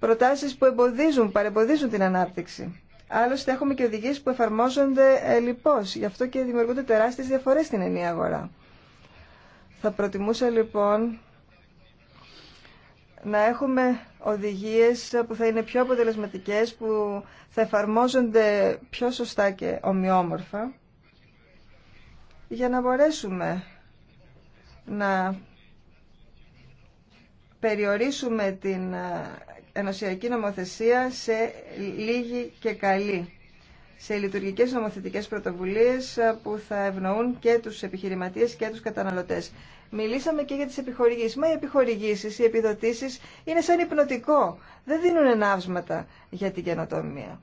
προτάσεις που εμποδίζουν, παρεμποδίζουν την ανάπτυξη. Άλλωστε έχουμε και οδηγίες που εφαρμόζονται ε, γι' αυτό και δημιουργούνται τεράστιες διαφορές στην ενία αγορά. Θα προτιμούσα λοιπόν να έχουμε οδηγίες που θα είναι πιο αποτελεσματικές, που θα εφαρμόζονται πιο σωστά και ομοιόμορφα, για να μπορέσουμε να περιορίσουμε την ε, ενωσιακή νομοθεσία σε λίγη και καλή σε λειτουργικές νομοθετικές πρωτοβουλίες ε, που θα ευνοούν και τους επιχειρηματίες και τους καταναλωτές. Μιλήσαμε και για τις επιχορηγήσεις. Μα οι επιχορηγήσεις, οι επιδοτήσεις είναι σαν υπνοτικό. Δεν δίνουν ενάυσματα για την καινοτομία.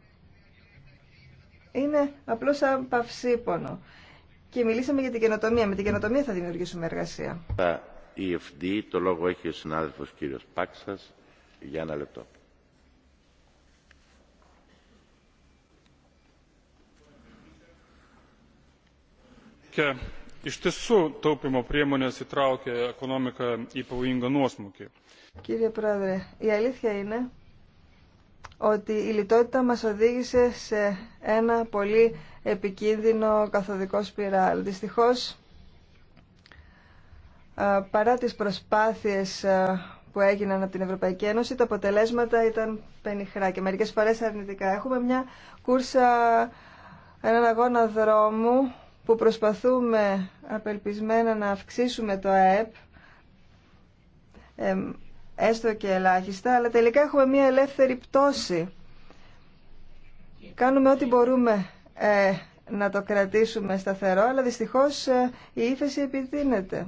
Είναι απλώς σαν παυσίπονο. Και μιλήσαμε για την καινοτομία. Με την καινοτομία θα δημιουργήσουμε εργασία. Ε, η το λόγο έχει ο συνάδελφος κύριος για ένα λεπτό. Iš tiesų taupimo priemonės įtraukė ekonomiką į pavojingą nuosmukį. Κύριε Πρόεδρε, η αλήθεια είναι ότι η λιτότητα μας οδήγησε σε ένα πολύ επικίνδυνο καθοδικό σπιράλ. Δυστυχώς, παρά τις προσπάθειες που έγιναν από την Ευρωπαϊκή Ένωση, τα αποτελέσματα ήταν πενιχρά και μερικές φορές αρνητικά. Έχουμε μια κούρσα, έναν αγώνα δρόμου που προσπαθούμε απελπισμένα να αυξήσουμε το ΑΕΠ, έστω και ελάχιστα, αλλά τελικά έχουμε μια ελεύθερη πτώση. Κάνουμε ό,τι μπορούμε ε, να το κρατήσουμε σταθερό, αλλά δυστυχώς ε, η ύφεση επιτείνεται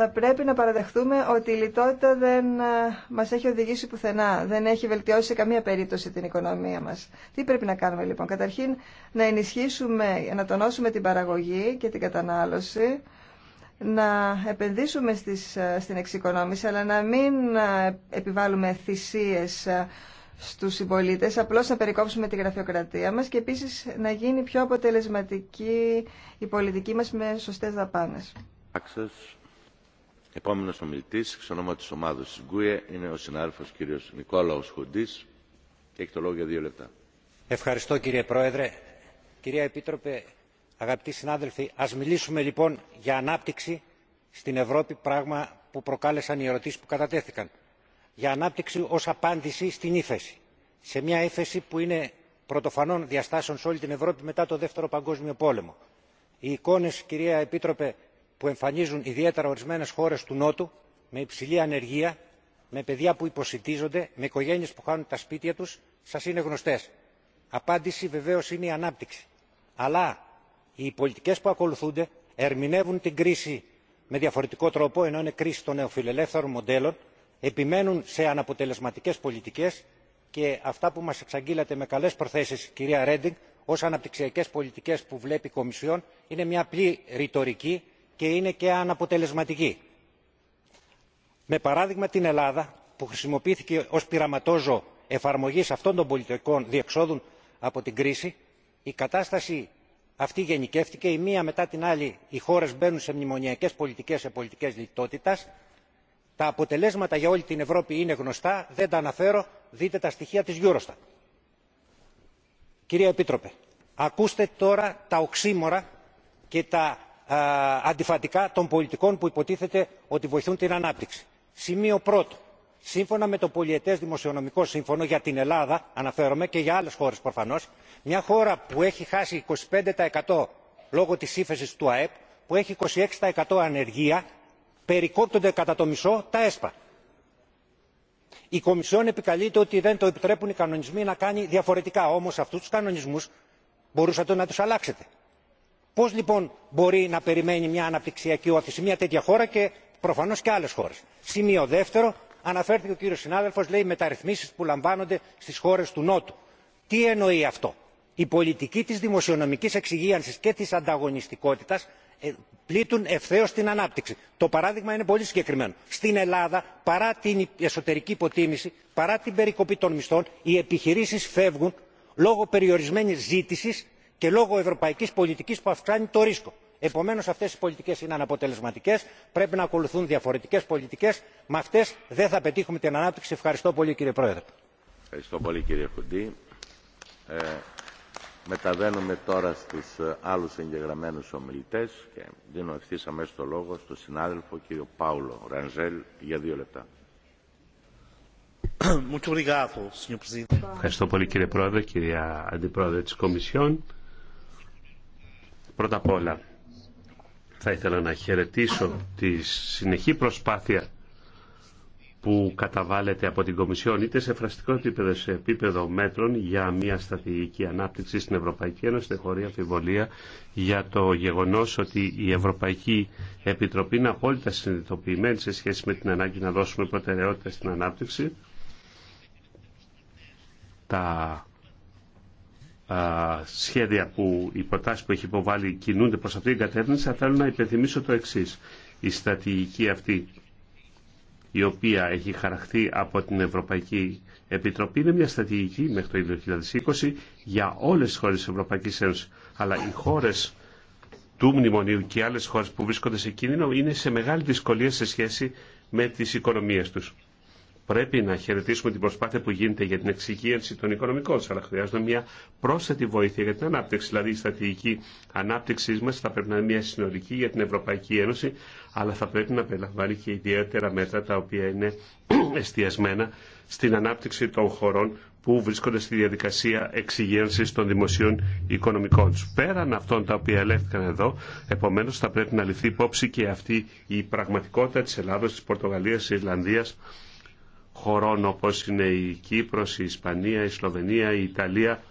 θα πρέπει να παραδεχτούμε ότι η λιτότητα δεν ε, μας έχει οδηγήσει πουθενά, δεν έχει βελτιώσει σε καμία περίπτωση την οικονομία μας. Τι πρέπει να κάνουμε λοιπόν. Καταρχήν να ενισχύσουμε, να τονώσουμε την παραγωγή και την κατανάλωση, να επενδύσουμε στις, ε, στην εξοικονόμηση, αλλά να μην ε, επιβάλλουμε θυσίες στους συμπολίτε, απλώς να περικόψουμε τη γραφειοκρατία μας και επίσης να γίνει πιο αποτελεσματική η πολιτική μας με σωστές δαπάνες. Επόμενος ομιλητής, εξ ονόματο της ομάδος της Γκουε, είναι ο συνάδελφο κ. Νικόλαος Χουντή και έχει το λόγο για δύο λεπτά. Ευχαριστώ κύριε Πρόεδρε. Κυρία Επίτροπε, αγαπητοί συνάδελφοι, ας μιλήσουμε λοιπόν για ανάπτυξη στην Ευρώπη, πράγμα που προκάλεσαν οι ερωτήσεις που κατατέθηκαν. Για ανάπτυξη ως απάντηση στην ύφεση. Σε μια ύφεση που είναι πρωτοφανών διαστάσεων σε όλη την Ευρώπη μετά το Δεύτερο Παγκόσμιο Πόλεμο. Οι εικόνε, κυρία Επίτροπε, που εμφανίζουν ιδιαίτερα ορισμένε χώρε του νότου με υψηλή ανεργία με παιδιά που υποσυντίζονται, με οικογένειε που χάνουν τα σπίτια του σα είναι γνωστέ. απάντηση βεβαίω είναι η ανάπτυξη αλλά οι πολιτικέ που ακολουθούνται ερμηνεύουν την κρίση με διαφορετικό τρόπο ενώ είναι κρίση των νεοφιλελεύθερων μοντέλων επιμένουν σε αναποτελεσματικέ πολιτικέ και αυτά που μα εξαγγείλατε με καλέ προθέσει κυρία ρέντινγκ ω αναπτυξιακέ πολιτικέ που βλέπει η κομισιόν είναι μια απλή ρητορική και είναι και αναποτελεσματική. με παράδειγμα την ελλάδα που χρησιμοποιήθηκε ως πειραματόζω εφαρμογής αυτών των πολιτικών διεξόδων από την κρίση η κατάσταση αυτή γενικεύτηκε η μία μετά την άλλη οι χώρες μπαίνουν σε μνημονιακές πολιτικές σε πολιτικές λιτότητας τα αποτελέσματα για όλη την ευρώπη είναι γνωστά δεν τα αναφέρω δείτε τα στοιχεία της eurostat. κυρία επίτροπε ακούστε τώρα τα οξύμορα και τα ε, αντιφατικά των πολιτικών που υποτίθεται ότι βοηθούν την ανάπτυξη. σημείο πρώτο σύμφωνα με το πολιετές δημοσιονομικό σύμφωνο για την ελλάδα αναφέρομαι και για άλλες χώρες προφανώς μια χώρα που έχει χάσει 25% λόγω της ύφεσης του αεπ που έχει 26% ανεργία περικόπτονται κατά το μισό τα έσπα. η κομισιόν επικαλείται ότι δεν το επιτρέπουν οι κανονισμοί να κάνει διαφορετικά όμως αυτούς τους κανονισμούς μπορούσατε να τους αλλάξετε πώ λοιπόν μπορεί να περιμένει μια αναπτυξιακή όθηση μια τέτοια χώρα και προφανώ και άλλε χώρε. σημείο δεύτερο αναφέρθηκε ο κύριο συνάδελφο λέει μεταρρυθμίσει που λαμβάνονται στι χώρε του νότου. τι εννοεί αυτό. η πολιτική τη δημοσιονομική εξυγίανση και τη ανταγωνιστικότητα ε, πλήττουν ευθέω την ανάπτυξη. το παράδειγμα είναι πολύ συγκεκριμένο. στην ελλάδα παρά την εσωτερική υποτίμηση παρά την περικοπή των μισθών οι επιχειρήσει φεύγουν λόγω περιορισμένη ζήτηση και λόγω ευρωπαϊκή πολιτική που αυξάνει το ρίσκο. επομένω αυτέ οι πολιτικέ είναι αναποτελεσματικέ πρέπει να ακολουθούν διαφορετικέ πολιτικέ με αυτέ δεν θα πετύχουμε την ανάπτυξη. ευχαριστώ πολύ κύριε πρόεδρε. Ευχαριστώ πολύ κύριε Χουντή. Ε, μεταβαίνουμε τώρα στου ε, άλλου εγγεγραμμένου ομιλητέ και δίνω ευθύ αμέσω το λόγο στον συνάδελφο κύριο Πάουλο Ρανζέλ για δύο λεπτά. Ευχαριστώ πολύ κύριε Πρόεδρε, κυρία Αντιπρόεδρε της Κομισιόν. Πρώτα απ' όλα, θα ήθελα να χαιρετήσω τη συνεχή προσπάθεια που καταβάλλεται από την Κομισιόν είτε σε φραστικό επίπεδο σε επίπεδο μέτρων για μια στρατηγική ανάπτυξη στην Ευρωπαϊκή Ένωση δεν χωρεί αμφιβολία για το γεγονός ότι η Ευρωπαϊκή Επιτροπή είναι απόλυτα συνειδητοποιημένη σε σχέση με την ανάγκη να δώσουμε προτεραιότητα στην ανάπτυξη. Τα σχέδια που οι προτάσει που έχει υποβάλει κινούνται προς αυτήν την κατεύθυνση, θα θέλω να υπενθυμίσω το εξή. Η στρατηγική αυτή η οποία έχει χαραχθεί από την Ευρωπαϊκή Επιτροπή είναι μια στρατηγική μέχρι το 2020 για όλες τις χώρες της Ευρωπαϊκής Ένωσης. Αλλά οι χώρες του μνημονίου και άλλες χώρες που βρίσκονται σε κίνδυνο είναι σε μεγάλη δυσκολία σε σχέση με τι οικονομίε του. Πρέπει να χαιρετήσουμε την προσπάθεια που γίνεται για την εξυγίανση των οικονομικών, αλλά χρειάζεται μια πρόσθετη βοήθεια για την ανάπτυξη. Δηλαδή, η στρατηγική ανάπτυξή μα θα πρέπει να είναι μια συνολική για την Ευρωπαϊκή Ένωση, αλλά θα πρέπει να περιλαμβάνει και ιδιαίτερα μέτρα τα οποία είναι εστιασμένα στην ανάπτυξη των χωρών που βρίσκονται στη διαδικασία εξυγίανση των δημοσίων οικονομικών του. Πέραν αυτών τα οποία ελέγχθηκαν εδώ, επομένω θα πρέπει να ληφθεί υπόψη και αυτή η πραγματικότητα τη Ελλάδα τη Πορτογαλία, τη Ιρλανδία, χωρών όπως είναι η Κύπρος, η Ισπανία, η Σλοβενία, η Ιταλία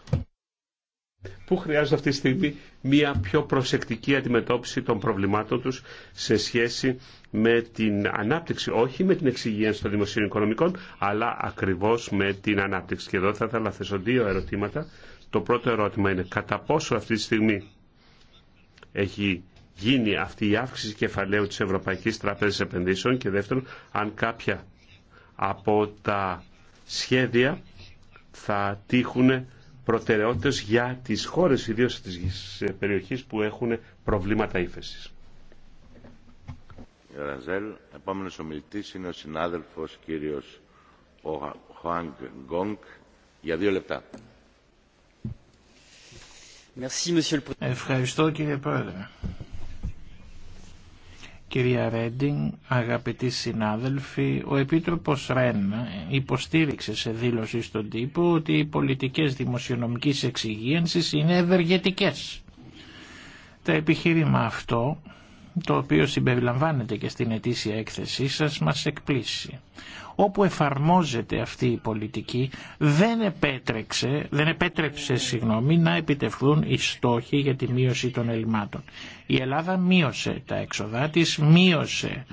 που χρειάζονται αυτή τη στιγμή μια πιο προσεκτική αντιμετώπιση των προβλημάτων τους σε σχέση με την ανάπτυξη, όχι με την εξυγίανση των δημοσίων οικονομικών, αλλά ακριβώς με την ανάπτυξη. Και εδώ θα ήθελα να θέσω δύο ερωτήματα. Το πρώτο ερώτημα είναι κατά πόσο αυτή τη στιγμή έχει γίνει αυτή η αύξηση κεφαλαίου της Ευρωπαϊκής Τράπεζας Επενδύσεων και δεύτερον, αν κάποια από τα σχέδια θα τύχουν προτεραιότητες για τις χώρες, ιδίως της περιοχής που έχουν προβλήματα ύφεσης. Ραζέλ, επόμενος ομιλητής είναι ο συνάδελφος κύριος Χουάνγκ Γκόγκ για δύο λεπτά. Ευχαριστώ κύριε Πρόεδρε. Κυρία Ρέντινγκ, αγαπητοί συνάδελφοι, ο Επίτροπος Ρεν υποστήριξε σε δήλωση στον τύπο ότι οι πολιτικές δημοσιονομικής εξυγίανσης είναι ευεργετικές. Τα επιχείρημα αυτό το οποίο συμπεριλαμβάνεται και στην ετήσια έκθεσή σας, μας εκπλήσει. Όπου εφαρμόζεται αυτή η πολιτική δεν, επέτρεξε, δεν επέτρεψε συγγνώμη, να επιτευχθούν οι στόχοι για τη μείωση των ελλημάτων. Η Ελλάδα μείωσε τα έξοδά της, μείωσε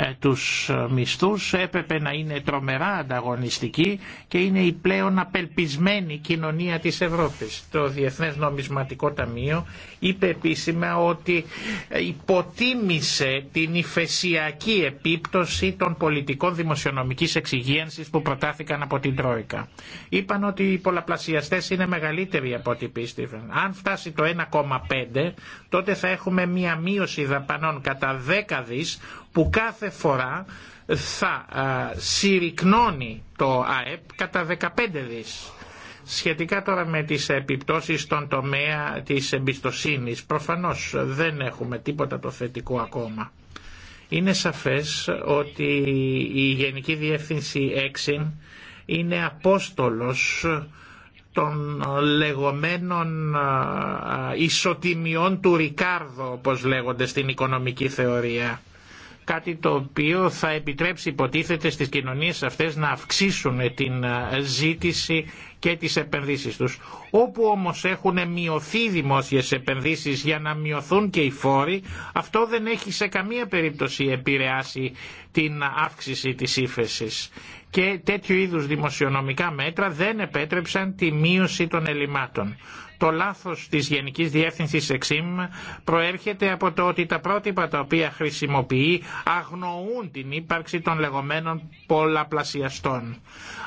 ε, τους ε, μισθούς έπρεπε να είναι τρομερά ανταγωνιστική και είναι η πλέον απελπισμένη κοινωνία της Ευρώπης. Το Διεθνές Νομισματικό Ταμείο είπε επίσημα ότι ε, υποτίμησε την υφεσιακή επίπτωση των πολιτικών δημοσιονομικής εξυγίανσης που προτάθηκαν από την Τρόικα. Είπαν ότι οι πολλαπλασιαστές είναι μεγαλύτεροι από ό,τι πίστευαν. Αν φτάσει το 1,5 τότε θα έχουμε μία μείωση δαπανών κατά 10 που κάθε φορά θα συρρυκνώνει το ΑΕΠ κατά 15 δις. Σχετικά τώρα με τις επιπτώσεις στον τομέα της εμπιστοσύνης, προφανώς δεν έχουμε τίποτα το θετικό ακόμα. Είναι σαφές ότι η Γενική Διεύθυνση Έξιν είναι απόστολος των λεγόμενων ισοτιμιών του Ρικάρδο, όπως λέγονται στην οικονομική θεωρία κάτι το οποίο θα επιτρέψει υποτίθεται στις κοινωνίες αυτές να αυξήσουν την ε, ζήτηση και τις επενδύσεις τους. Όπου όμως έχουν μειωθεί οι δημόσιες επενδύσεις για να μειωθούν και οι φόροι, αυτό δεν έχει σε καμία περίπτωση επηρεάσει την αύξηση της ύφεση. Και τέτοιου είδους δημοσιονομικά μέτρα δεν επέτρεψαν τη μείωση των ελλημάτων. Το λάθος της Γενικής Διεύθυνσης ΕΞΥΜ προέρχεται από το ότι τα πρότυπα τα οποία χρησιμοποιεί αγνοούν την ύπαρξη των λεγόμενων πολλαπλασιαστών.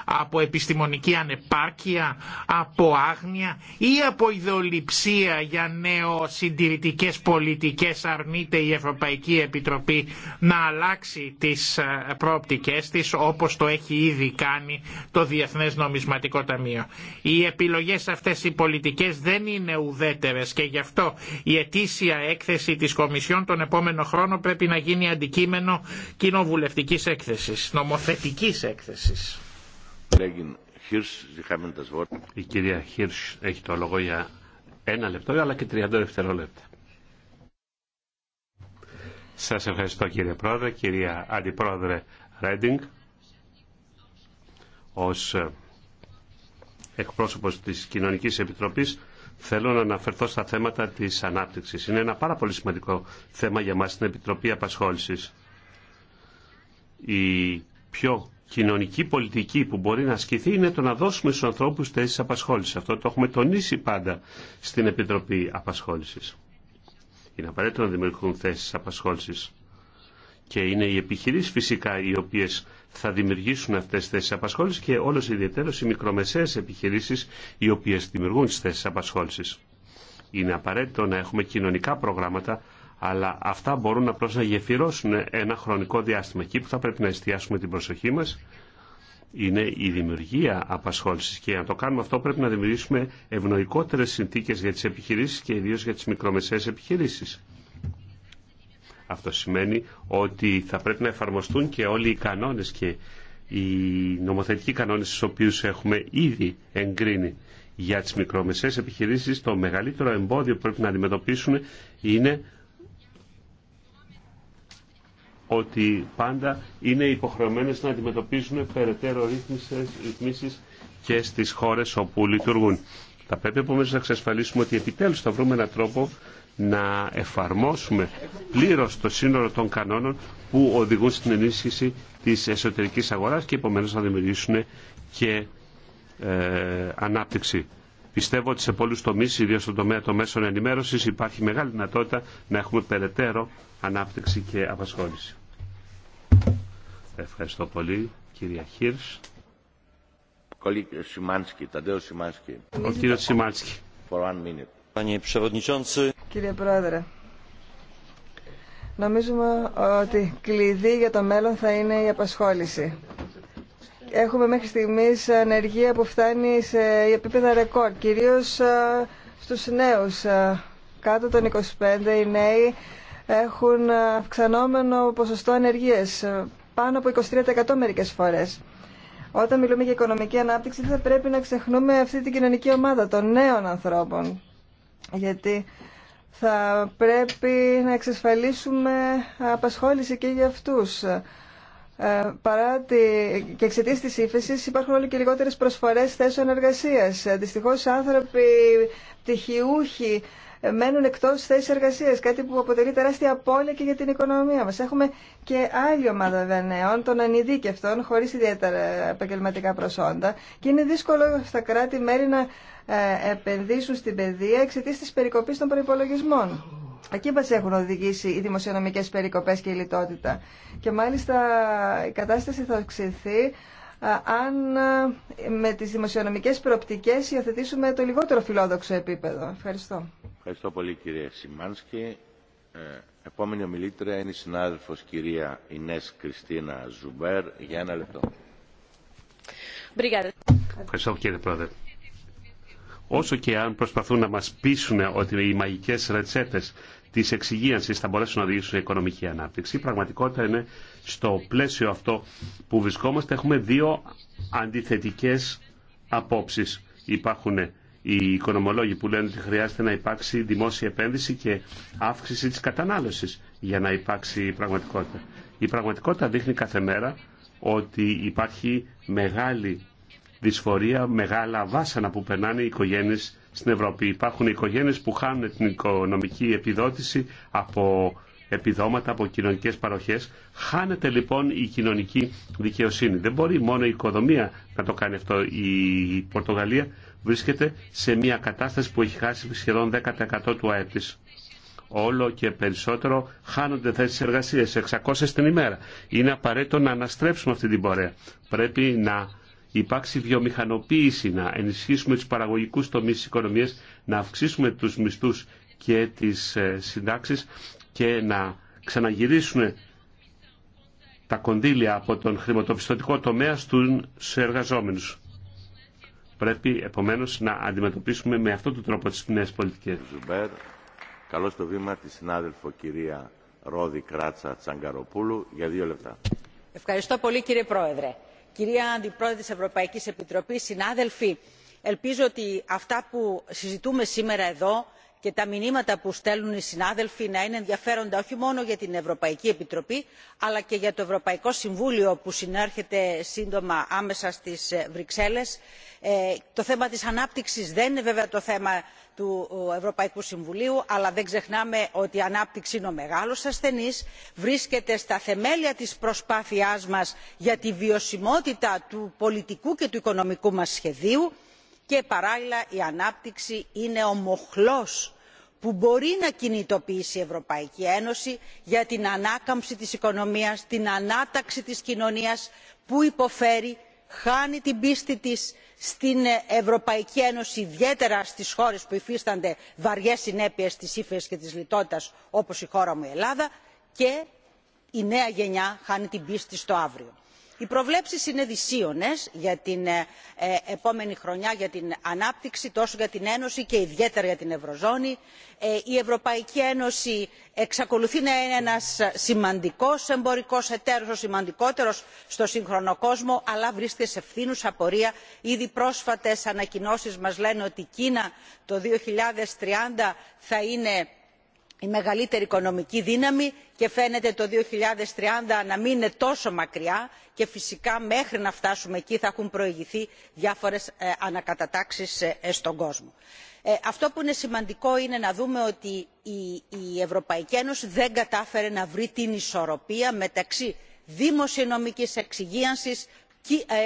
Από επιστημονική ανεπάρκεια, από άγνοια ή από ιδεολειψία για νεοσυντηρητικές πολιτικές αρνείται η απο ιδεολειψια για νεο συντηρητικες πολιτικες Επιτροπή να αλλάξει τις ε, προοπτικές της όπως το έχει ήδη κάνει το Διεθνές Νομισματικό Ταμείο. Οι επιλογές αυτές οι πολιτικές δεν είναι ουδέτερε. και γι' αυτό η ετήσια έκθεση της Κομισιόν τον επόμενο χρόνο πρέπει να γίνει αντικείμενο κοινοβουλευτική έκθεσης, νομοθετικής έκθεσης. Η κυρία Χίρς έχει το λόγο για ένα λεπτό αλλά και 30 δευτερόλεπτα. Σας ευχαριστώ κύριε Πρόεδρε, κυρία Αντιπρόεδρε Ρέντινγκ. Ως ε, εκπρόσωπος της Κοινωνικής Επιτροπής θέλω να αναφερθώ στα θέματα της ανάπτυξης. Είναι ένα πάρα πολύ σημαντικό θέμα για μας στην Επιτροπή Απασχόλησης. Η πιο κοινωνική πολιτική που μπορεί να ασκηθεί είναι το να δώσουμε στους ανθρώπους θέσεις απασχόλησης. Αυτό το έχουμε τονίσει πάντα στην Επιτροπή Απασχόλησης. Είναι απαραίτητο να δημιουργούν θέσεις απασχόλησης. Και είναι οι επιχειρήσεις φυσικά οι οποίες θα δημιουργήσουν αυτέ τι θέσει απασχόληση και όλο ιδιαίτερω οι μικρομεσαίε επιχειρήσει οι οποίε δημιουργούν τι θέσει απασχόληση. Είναι απαραίτητο να έχουμε κοινωνικά προγράμματα, αλλά αυτά μπορούν απλώ να γεφυρώσουν ένα χρονικό διάστημα. Εκεί που θα πρέπει να εστιάσουμε την προσοχή μα είναι η δημιουργία απασχόληση, και για να το κάνουμε αυτό πρέπει να δημιουργήσουμε ευνοϊκότερε συνθήκε για τι επιχειρήσει και ιδίω για τι μικρομεσαίε επιχειρήσει. Αυτό σημαίνει ότι θα πρέπει να εφαρμοστούν και όλοι οι κανόνες και οι νομοθετικοί κανόνες στους οποίους έχουμε ήδη εγκρίνει για τις μικρομεσαίες επιχειρήσεις. Το μεγαλύτερο εμπόδιο που πρέπει να αντιμετωπίσουν είναι ότι πάντα είναι υποχρεωμένες να αντιμετωπίσουν περαιτέρω ρυθμίσεις και στις χώρες όπου λειτουργούν. Θα πρέπει επομένως να εξασφαλίσουμε ότι επιτέλους θα βρούμε έναν τρόπο να εφαρμόσουμε πλήρως το σύνολο των κανόνων που οδηγούν στην ενίσχυση της εσωτερικής αγοράς και επομένως να δημιουργήσουν και ε, ανάπτυξη. Πιστεύω ότι σε πολλού τομεί, ιδίω στον τομέα των μέσων ενημέρωση, υπάρχει μεγάλη δυνατότητα να έχουμε περαιτέρω ανάπτυξη και απασχόληση. Ευχαριστώ πολύ, κυρία Χίρ. Ο κύριος Σιμάνσκι. For one minute. Κύριε Πρόεδρε, νομίζουμε ότι κλειδί για το μέλλον θα είναι η απασχόληση. Έχουμε μέχρι στιγμής ανεργία που φτάνει σε επίπεδα ρεκόρ, κυρίως ε, στους νέους. Ε, κάτω των 25 οι νέοι έχουν αυξανόμενο ποσοστό ανεργίας, ε, πάνω από 23% μερικές φορές. Όταν μιλούμε για οικονομική ανάπτυξη θα πρέπει να ξεχνούμε αυτή την κοινωνική ομάδα των νέων ανθρώπων γιατί θα πρέπει να εξασφαλίσουμε απασχόληση και για αυτούς. Ε, παρά και εξαιτία τη ύφεση υπάρχουν όλο και λιγότερε προσφορέ θέσεων εργασία. Ε, Δυστυχώ, άνθρωποι πτυχιούχοι ε, μένουν εκτό θέση εργασία, κάτι που αποτελεί τεράστια απώλεια και για την οικονομία μα. Έχουμε και άλλη ομάδα δανέων των ανειδίκευτων, χωρί ιδιαίτερα επαγγελματικά προσόντα. Και είναι δύσκολο στα κράτη-μέρη να ε, επενδύσουν στην παιδεία εξαιτία τη περικοπή των προπολογισμών. Εκεί μα έχουν οδηγήσει οι δημοσιονομικέ περικοπέ και η λιτότητα. Και μάλιστα η κατάσταση θα αυξηθεί ε, αν ε, με τις δημοσιονομικές προοπτικές υιοθετήσουμε το λιγότερο φιλόδοξο επίπεδο. Ευχαριστώ. Ευχαριστώ πολύ κυρία Σιμάνσκι. Επόμενη ομιλήτρια είναι η συνάδελφος κυρία Ινέ Κριστίνα Ζουμπέρ για ένα λεπτό. Ευχαριστώ κύριε Πρόεδρε όσο και αν προσπαθούν να μας πείσουν ότι οι μαγικές ρετσέτες της εξυγίανσης θα μπορέσουν να οδηγήσουν οικονομική ανάπτυξη. Η πραγματικότητα είναι στο πλαίσιο αυτό που βρισκόμαστε έχουμε δύο αντιθετικές απόψεις. Υπάρχουν οι οικονομολόγοι που λένε ότι χρειάζεται να υπάρξει δημόσια επένδυση και αύξηση της κατανάλωσης για να υπάρξει η πραγματικότητα. Η πραγματικότητα δείχνει κάθε μέρα ότι υπάρχει μεγάλη δυσφορία, μεγάλα βάσανα που περνάνε οι οικογένειες στην Ευρώπη. Υπάρχουν οικογένειες που χάνουν την οικονομική επιδότηση από επιδόματα, από κοινωνικές παροχές. Χάνεται λοιπόν η κοινωνική δικαιοσύνη. Δεν μπορεί μόνο η οικοδομία να το κάνει αυτό. Η Πορτογαλία βρίσκεται σε μια κατάσταση που έχει χάσει σχεδόν 10% του ΑΕΠ της. Όλο και περισσότερο χάνονται θέσει εργασία, 600 την ημέρα. Είναι απαραίτητο να αναστρέψουμε αυτή την πορεία. Πρέπει να υπάρξει βιομηχανοποίηση, να ενισχύσουμε τους παραγωγικούς τομείς της οικονομίας, να αυξήσουμε τους μισθούς και τις ε, συντάξεις και να ξαναγυρίσουμε τα κονδύλια από τον χρηματοπιστωτικό τομέα στους εργαζόμενους. Πρέπει επομένως να αντιμετωπίσουμε με αυτόν τον τρόπο τις νέες πολιτικές. Ζουμπέρ, καλώ βήμα τη συνάδελφο κυρία Ρόδη Κράτσα Τσαγκαροπούλου για δύο λεπτά. Ευχαριστώ πολύ κύριε Πρόεδρε κυρία αντιπρόεδρε της ευρωπαϊκής επιτροπής συνάδελφοι ελπίζω ότι αυτά που συζητούμε σήμερα εδώ και τα μηνύματα που στέλνουν οι συνάδελφοι να είναι ενδιαφέροντα όχι μόνο για την ευρωπαϊκή επιτροπή αλλά και για το ευρωπαϊκό συμβούλιο που συνέρχεται σύντομα άμεσα στις ε, βρυξέλλες. Ε, το θέμα της ανάπτυξης δεν είναι βέβαια το θέμα του ευρωπαϊκού συμβουλίου αλλά δεν ξεχνάμε ότι η ανάπτυξη είναι ο μεγάλος ασθενής βρίσκεται στα θεμέλια της προσπάθειάς μας για τη βιωσιμότητα του πολιτικού και του οικονομικού μας σχεδίου και παράλληλα η ανάπτυξη είναι ο μοχλός που μπορεί να κινητοποιήσει η ευρωπαϊκή ένωση για την ανάκαμψη της οικονομίας την ανάταξη της κοινωνίας που υποφέρει χάνει την πίστη της στην ευρωπαϊκή ένωση ιδιαίτερα στις χώρες που υφίστανται βαριές συνέπειες της ύφεσης και της λιτότητας όπως η χώρα μου η ελλάδα και η νέα γενιά χάνει την πίστη στο αύριο οι προβλέψεις είναι δυσίωνες για την ε, ε, επόμενη χρονιά για την ανάπτυξη τόσο για την ένωση και ιδιαίτερα για την ευρωζώνη. Ε, η ευρωπαϊκή ένωση εξακολουθεί να είναι ένας σημαντικός εμπορικός εταίρος ο σημαντικότερος στο σύγχρονο κόσμο αλλά βρίσκεται σε φθήνουσα πορεία. ήδη πρόσφατες ανακοινώσεις μας λένε ότι η κίνα το 2030 θα είναι η μεγαλύτερη οικονομική δύναμη και φαίνεται το 2030 να μην είναι τόσο μακριά και φυσικά μέχρι να φτάσουμε εκεί θα έχουν προηγηθεί διάφορες ε, ανακατατάξεις ε, ε, στον κόσμο. αυτό που είναι σημαντικό είναι να δούμε ότι η ευρωπαϊκή ένωση δεν κατάφερε να βρει την ισορροπία μεταξύ δημοσιονομικής εξυγίανσης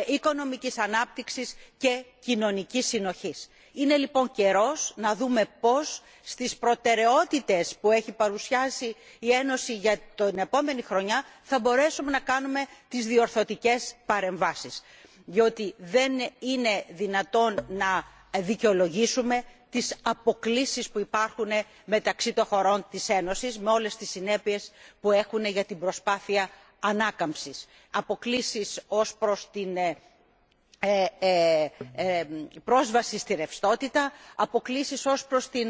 οικονομικής ανάπτυξης και κοινωνικής συνοχής είναι λοιπόν καιρός να δούμε πώς στις προτεραιότητες που έχει παρουσιάσει η ένωση για την επόμενη χρονιά θα μπορέσουμε να κάνουμε τις διορθωτικές παρεμβάσεις διότι δεν είναι δυνατόν να δικαιολογήσουμε τις αποκλίσεις που υπάρχουν μεταξύ των χωρών της ένωσης με όλες τις συνέπειες που έχουν για την προσπάθεια ανάκαμψης αποκλίσεις ως προς την ε, ε, ε, ε, πρόσβαση στη ρευστότητα αποκλήσεις ως προς την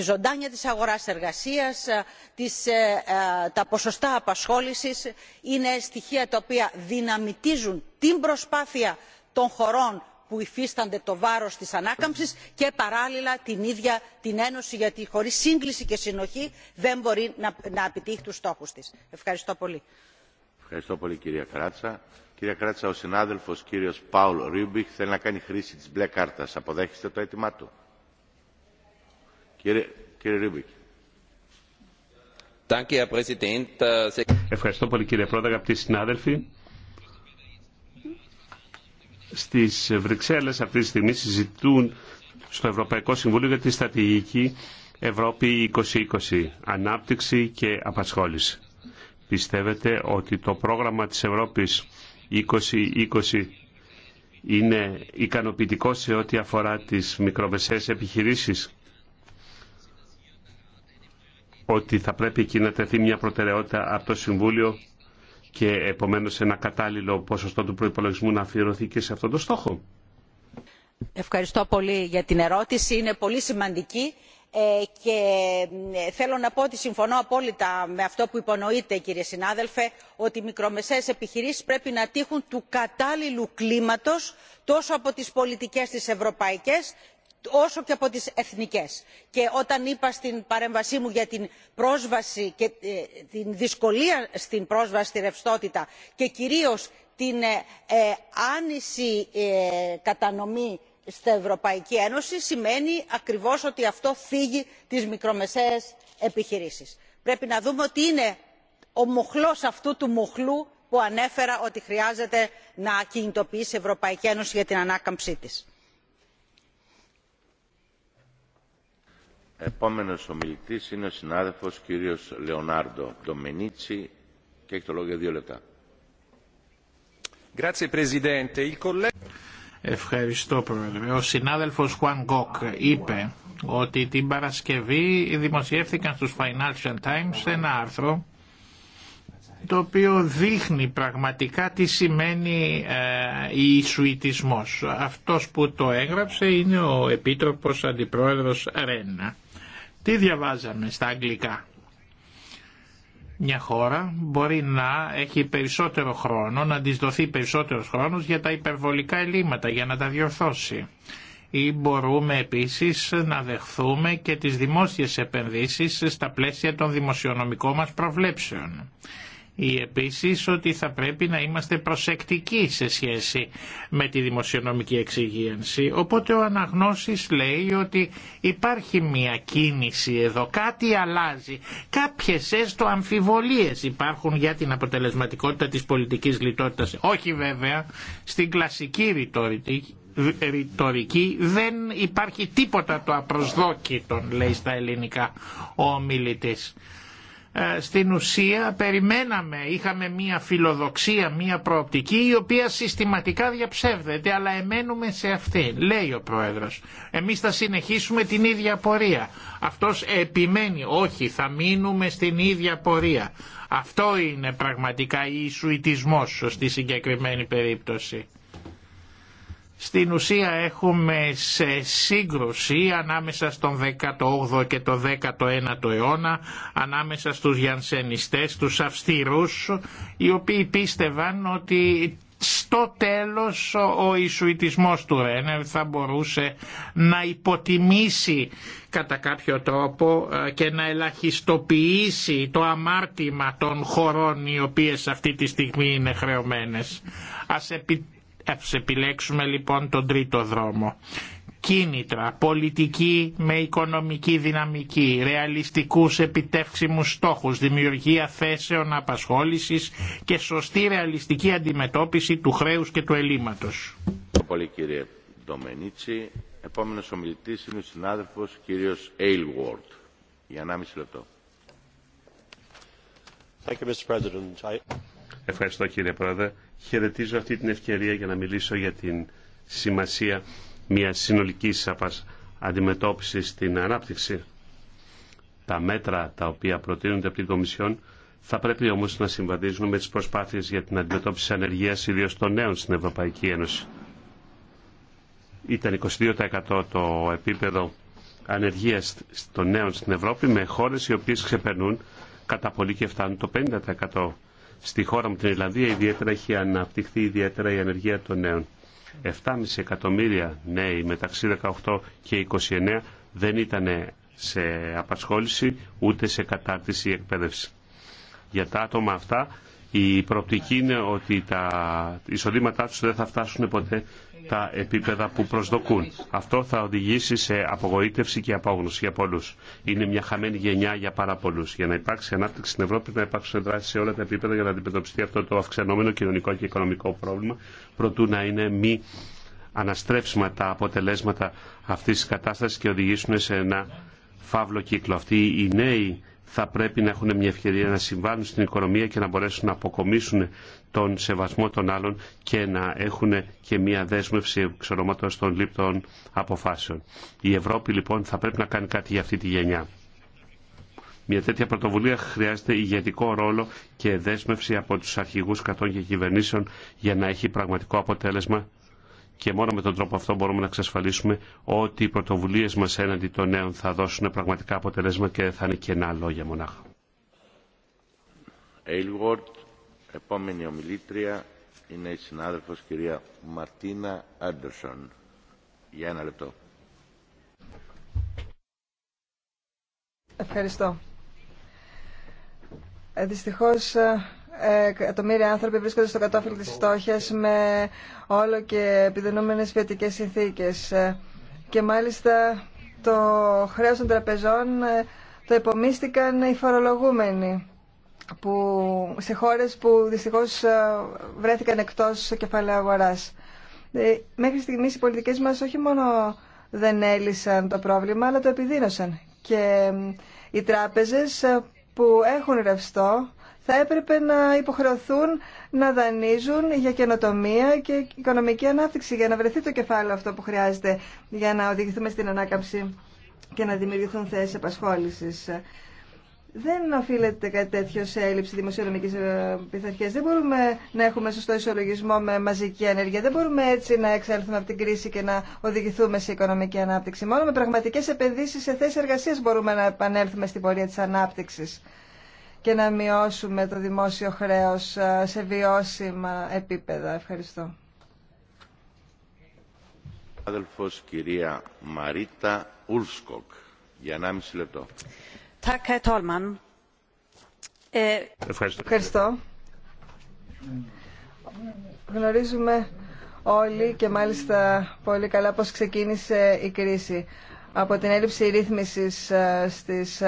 ζωντάνια της αγοράς εργασίας τα ποσοστά απασχόλησης είναι στοιχεία τα οποία δυναμητίζουν την προσπάθεια των χωρών που υφίστανται το βάρος της ανάκαμψης και παράλληλα την ίδια την ένωση γιατί χωρίς σύγκληση και συνοχή δεν μπορεί να επιτύχει τους στόχους της. ευχαριστώ πολύ. ευχαριστώ πολύ κυρία κράτσα. Κυρία Κράτσα, ο συνάδελφος κύριος Πάουλ Ρίμπιχ θέλει να κάνει χρήση της μπλε κάρτας. Αποδέχεστε το αίτημά του. Κύριε, κύριε Ρίμπιχ. Äh, Ευχαριστώ πολύ κύριε Πρόεδρε, αγαπητοί συνάδελφοι. Στις Βρυξέλλες αυτή τη στιγμή συζητούν στο Ευρωπαϊκό Συμβούλιο για τη Στρατηγική Ευρώπη 2020, Ανάπτυξη και Απασχόληση. Πιστεύετε ότι το πρόγραμμα της Ευρώπης 2020 είναι ικανοποιητικό σε ό,τι αφορά τις μικρομεσαίες επιχειρήσεις ότι θα πρέπει εκεί να τεθεί μια προτεραιότητα από το Συμβούλιο και επομένως ένα κατάλληλο ποσοστό του προϋπολογισμού να αφιερωθεί και σε αυτόν τον στόχο. Ευχαριστώ πολύ για την ερώτηση. Είναι πολύ σημαντική ε, και θέλω να πω ότι συμφωνώ απόλυτα με αυτό που υπονοείτε κύριε συνάδελφε ότι οι μικρομεσαίες επιχειρήσεις πρέπει να τύχουν του κατάλληλου κλίματος τόσο από τις πολιτικές τις ευρωπαϊκές όσο και από τις εθνικές και όταν είπα στην παρέμβασή μου για την πρόσβαση και ε, την δυσκολία στην πρόσβαση στη ρευστότητα και κυρίως την ε, άνηση κατανομή στην ευρωπαϊκή ένωση σημαίνει ακριβώς ότι αυτό φύγει τις μικρομεσαίες επιχειρήσεις. πρέπει να δούμε ότι είναι ο μοχλός αυτού του μοχλού που ανέφερα ότι χρειάζεται να κινητοποιήσει η ευρωπαϊκή ένωση για την ανάκαμψή της. Επόμενος ομιλητής είναι ο συνάδελφος κύριος και έχει το Ευχαριστώ Πρόεδρε. Ο συνάδελφος Χουάν Γκόκ είπε ότι την Παρασκευή δημοσιεύθηκαν στους Financial Times ένα άρθρο το οποίο δείχνει πραγματικά τι σημαίνει ε, η Ισουητισμός. Αυτός που το έγραψε είναι ο Επίτροπος Αντιπρόεδρος Ρένα. Τι διαβάζαμε στα αγγλικά μια χώρα μπορεί να έχει περισσότερο χρόνο, να της δοθεί περισσότερος χρόνος για τα υπερβολικά ελλείμματα, για να τα διορθώσει. Ή μπορούμε επίσης να δεχθούμε και τις δημόσιες επενδύσεις στα πλαίσια των δημοσιονομικών μας προβλέψεων ή επίσης ότι θα πρέπει να είμαστε προσεκτικοί σε σχέση με τη δημοσιονομική εξυγίανση. Οπότε ο Αναγνώσης λέει ότι υπάρχει μια κίνηση εδώ, κάτι αλλάζει. Κάποιες έστω αμφιβολίες υπάρχουν για την αποτελεσματικότητα της πολιτικής λιτότητας. Όχι βέβαια, στην κλασική ρητορική, δεν υπάρχει τίποτα το απροσδόκητο, λέει στα ελληνικά ο ομιλητής. Ε, στην ουσία περιμέναμε, είχαμε μία φιλοδοξία, μία προοπτική η οποία συστηματικά διαψεύδεται αλλά εμένουμε σε αυτή, λέει ο Πρόεδρος. Εμείς θα συνεχίσουμε την ίδια πορεία. Αυτός επιμένει, όχι θα μείνουμε στην ίδια πορεία. Αυτό είναι πραγματικά η ισουητισμός στη συγκεκριμένη περίπτωση. Στην ουσία έχουμε σε σύγκρουση ανάμεσα στον 18ο και το 19ο αιώνα, ανάμεσα στους γιανσενιστές, τους αυστηρούς, οι οποίοι πίστευαν ότι στο τέλος ο Ισουητισμός του Ρένερ θα μπορούσε να υποτιμήσει κατά κάποιο τρόπο ε, και να ελαχιστοποιήσει το αμάρτημα των χωρών οι οποίες αυτή τη στιγμή είναι χρεωμένες. Ας επιλέξουμε λοιπόν τον τρίτο δρόμο. Κίνητρα, πολιτική με οικονομική δυναμική, ρεαλιστικούς επιτεύξιμους στόχους, δημιουργία θέσεων απασχόλησης και σωστή ρεαλιστική αντιμετώπιση του χρέους και του ελλείμματος. Πολύ κύριε Επόμενος ομιλητής είναι ο συνάδελφος κύριος Για Ευχαριστώ κύριε Πρόεδρε χαιρετίζω αυτή την ευκαιρία για να μιλήσω για την σημασία μιας συνολικής αντιμετώπισης στην ανάπτυξη. Τα μέτρα τα οποία προτείνονται από την Κομισιόν θα πρέπει όμως να συμβαδίζουν με τις προσπάθειες για την αντιμετώπιση ανεργίας ιδίω των νέων στην Ευρωπαϊκή Ένωση. Ήταν 22% το επίπεδο ανεργίας των νέων στην Ευρώπη με χώρες οι οποίες ξεπερνούν κατά πολύ και φτάνουν το 50% στη χώρα μου την Ιρλανδία ιδιαίτερα έχει αναπτυχθεί ιδιαίτερα η ανεργία των νέων. 7,5 εκατομμύρια νέοι μεταξύ 18 και 29 δεν ήταν σε απασχόληση ούτε σε κατάρτιση ή εκπαίδευση. Για τα άτομα αυτά η προοπτική είναι ότι τα εισοδήματά τους δεν θα φτάσουν ποτέ τα επίπεδα που προσδοκούν. Αυτό θα οδηγήσει σε απογοήτευση και απόγνωση για πολλού. Είναι μια χαμένη γενιά για πάρα πολλού. Για να υπάρξει ανάπτυξη στην Ευρώπη, να υπάρξουν δράσει σε όλα τα επίπεδα για να αντιμετωπιστεί αυτό το αυξανόμενο κοινωνικό και οικονομικό πρόβλημα, προτού να είναι μη αναστρέψιμα τα αποτελέσματα αυτή τη κατάσταση και οδηγήσουν σε ένα φαύλο κύκλο. Αυτοί οι νέοι θα πρέπει να έχουν μια ευκαιρία να συμβάλλουν στην οικονομία και να μπορέσουν να αποκομίσουν τον σεβασμό των άλλων και να έχουν και μια δέσμευση εξ των λήπτων αποφάσεων. Η Ευρώπη λοιπόν θα πρέπει να κάνει κάτι για αυτή τη γενιά. Μια τέτοια πρωτοβουλία χρειάζεται ηγετικό ρόλο και δέσμευση από τους αρχηγούς κρατών και κυβερνήσεων για να έχει πραγματικό αποτέλεσμα και μόνο με τον τρόπο αυτό μπορούμε να εξασφαλίσουμε ότι οι πρωτοβουλίε μα έναντι των νέων θα δώσουν πραγματικά αποτέλεσμα και θα είναι κενά λόγια μονάχα. Aylward, επόμενη ομιλήτρια είναι η συνάδελφος κυρία Μαρτίνα Άντερσον. Για ένα λεπτό. Ευχαριστώ. Ε, δυστυχώς ε, εκατομμύρια άνθρωποι βρίσκονται στο κατόφυλλο της φτώχειας με όλο και επιδεινούμενες βιωτικές συνθήκες. Και μάλιστα το χρέος των τραπεζών ε, το υπομίστηκαν οι φορολογούμενοι που, σε χώρες που δυστυχώς ε, βρέθηκαν εκτός κεφαλαίου αγοράς. Ε, μέχρι στιγμής οι πολιτικές μας όχι μόνο δεν έλυσαν το πρόβλημα, αλλά το επιδίνωσαν. Και οι τράπεζες που έχουν ρευστό θα έπρεπε να υποχρεωθούν να δανείζουν για καινοτομία και οικονομική ανάπτυξη για να βρεθεί το κεφάλαιο αυτό που χρειάζεται για να οδηγηθούμε στην ανάκαμψη και να δημιουργηθούν θέσεις απασχόλησης. Δεν οφείλεται κάτι τέτοιο σε έλλειψη δημοσιονομική ε, πειθαρχία. Δεν μπορούμε να έχουμε σωστό ισολογισμό με μαζική ενέργεια. Δεν μπορούμε έτσι να εξέλθουμε από την κρίση και να οδηγηθούμε σε οικονομική ανάπτυξη. Μόνο με πραγματικέ επενδύσει σε θέσει εργασία μπορούμε να επανέλθουμε στην πορεία τη ανάπτυξη και να μειώσουμε το δημόσιο χρέος ε, σε βιώσιμα επίπεδα. Ευχαριστώ. Αδελφός κυρία Μαρίτα Ουλσκοκ για λεπτό. Ε, Ευχαριστώ. Ευχαριστώ. Γνωρίζουμε όλοι και μάλιστα πολύ καλά πώς ξεκίνησε η κρίση. Από την έλλειψη ρύθμισης ε, στις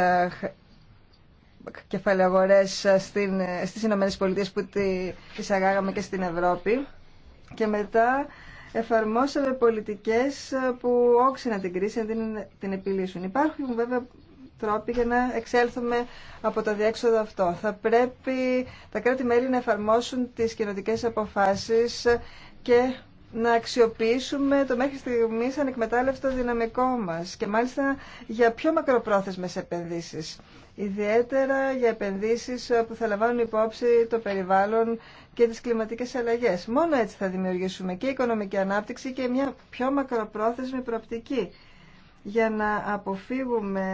κεφαλαίου ε, στην, ε, στις ΗΠΑ που τις αγάγαμε και στην Ευρώπη και μετά εφαρμόσαμε πολιτικές ε, που όξυναν την κρίση να την, την επιλύσουν. Υπάρχουν βέβαια τρόποι για να εξέλθουμε από το διέξοδο αυτό. Θα πρέπει τα κράτη-μέλη να εφαρμόσουν τις κοινοτικέ αποφάσεις και να αξιοποιήσουμε το μέχρι στιγμή ανεκμετάλλευτο δυναμικό μας και μάλιστα για πιο μακροπρόθεσμες επενδύσεις ιδιαίτερα για επενδύσεις που θα λαμβάνουν υπόψη το περιβάλλον και τις κλιματικές αλλαγές. Μόνο έτσι θα δημιουργήσουμε και οικονομική ανάπτυξη και μια πιο μακροπρόθεσμη προοπτική για να αποφύγουμε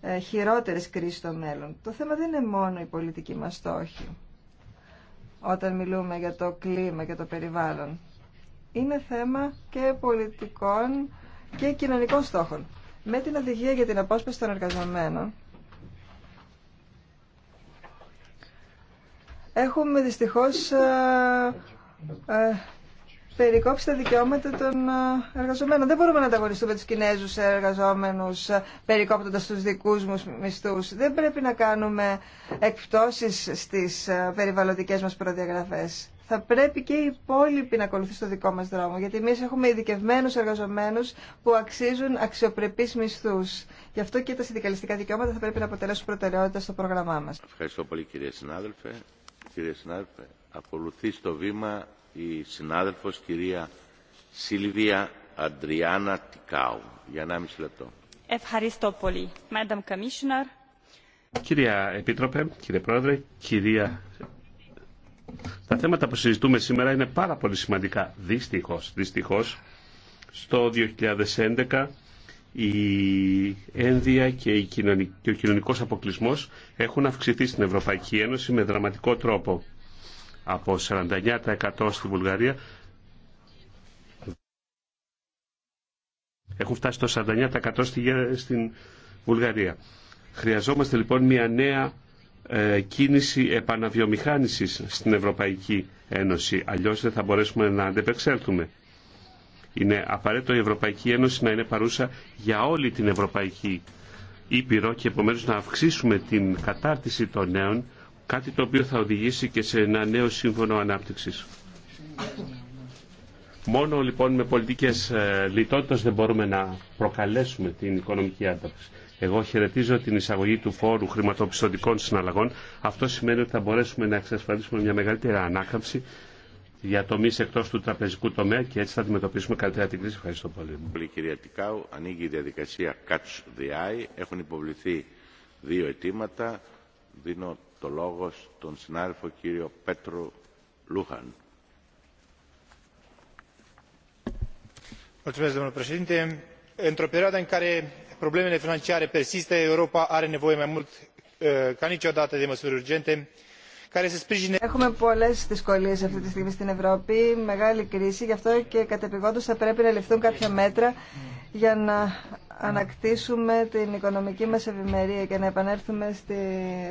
ε, χειρότερες κρίσεις στο μέλλον. Το θέμα δεν είναι μόνο η πολιτική μας στόχη όταν μιλούμε για το κλίμα και το περιβάλλον. Είναι θέμα και πολιτικών και κοινωνικών στόχων. Με την οδηγία για την απόσπαση των εργαζομένων έχουμε δυστυχώς ε, ε, περικόψει τα δικαιώματα των ε, εργαζομένων. Δεν μπορούμε να ανταγωνιστούμε τους Κινέζους εργαζόμενους περικόπτοντας τους δικούς μας μισθούς. Δεν πρέπει να κάνουμε εκπτώσεις στις περιβαλλοντικές μας προδιαγραφές. Θα πρέπει και οι υπόλοιποι να ακολουθήσουν το δικό μας δρόμο, γιατί εμείς έχουμε ειδικευμένου εργαζομένους που αξίζουν αξιοπρεπείς μισθούς. Γι' αυτό και τα συνδικαλιστικά δικαιώματα θα πρέπει να αποτελέσουν προτεραιότητα στο πρόγραμμά μας. Ευχαριστώ πολύ κυρία συνάδελφε κύριε συνάδελφε. Ακολουθεί στο βήμα η συνάδελφος κυρία Σίλβια Αντριάνα Τικάου. Για 1,5 λεπτό. Ευχαριστώ πολύ. Madam Commissioner. Κυρία Επίτροπε, κύριε Πρόεδρε, κυρία... Τα θέματα που συζητούμε σήμερα είναι πάρα πολύ σημαντικά. Δυστυχώς, δυστυχώς, στο 2011 η ένδια και ο κοινωνικός αποκλεισμός έχουν αυξηθεί στην Ευρωπαϊκή Ένωση με δραματικό τρόπο. Από 49% στη Βουλγαρία έχουν φτάσει το 49% στην Βουλγαρία. Χρειαζόμαστε λοιπόν μια νέα ε, κίνηση επαναβιομηχάνησης στην Ευρωπαϊκή Ένωση. Αλλιώς δεν θα μπορέσουμε να αντεπεξέλθουμε. Είναι απαραίτητο η Ευρωπαϊκή Ένωση να είναι παρούσα για όλη την Ευρωπαϊκή Ήπειρο και επομένως να αυξήσουμε την κατάρτιση των νέων, κάτι το οποίο θα οδηγήσει και σε ένα νέο σύμφωνο ανάπτυξης. Μόνο λοιπόν με πολιτικές ε, λιτότητας δεν μπορούμε να προκαλέσουμε την οικονομική άνταξη. Εγώ χαιρετίζω την εισαγωγή του φόρου χρηματοπιστωτικών συναλλαγών. Αυτό σημαίνει ότι θα μπορέσουμε να εξασφαλίσουμε μια μεγαλύτερη ανάκαμψη για μη εκτό του τραπεζικού τομέα και έτσι θα αντιμετωπίσουμε καλύτερα την κρίση. Ευχαριστώ πολύ. Πολύ κυρία Τικάου, ανοίγει η διαδικασία Catch the Eye. Έχουν υποβληθεί δύο αιτήματα. Δίνω το λόγο στον συνάδελφο κύριο Πέτρο Λούχαν. într o perioadă în care problemele financiare persistă europa are nevoie mai mult eh, ca niciodată de măsuri urgente Έχουμε πολλέ δυσκολίε αυτή τη στιγμή στην Ευρώπη, μεγάλη κρίση, γι' αυτό και κατεπηγόντω θα πρέπει να ληφθούν κάποια μέτρα για να ανακτήσουμε την οικονομική μας ευημερία και να επανέλθουμε στη,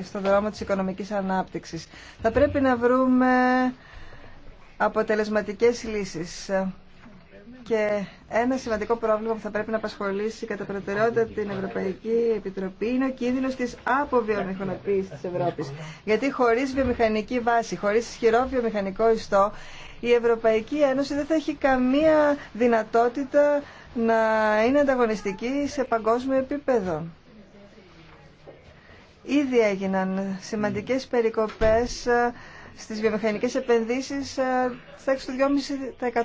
στον δρόμο της οικονομικής ανάπτυξης. Θα πρέπει να βρούμε αποτελεσματικές λύσεις. Και ένα σημαντικό πρόβλημα που θα πρέπει να απασχολήσει κατά προτεραιότητα την Ευρωπαϊκή Επιτροπή είναι ο κίνδυνο τη αποβιομηχανοποίηση τη Ευρώπη. Γιατί χωρί βιομηχανική βάση, χωρί ισχυρό βιομηχανικό ιστό, η Ευρωπαϊκή Ένωση δεν θα έχει καμία δυνατότητα να είναι ανταγωνιστική σε παγκόσμιο επίπεδο. Ήδη έγιναν σημαντικές περικοπές στις βιομηχανικές επενδύσεις θα ε, έξω του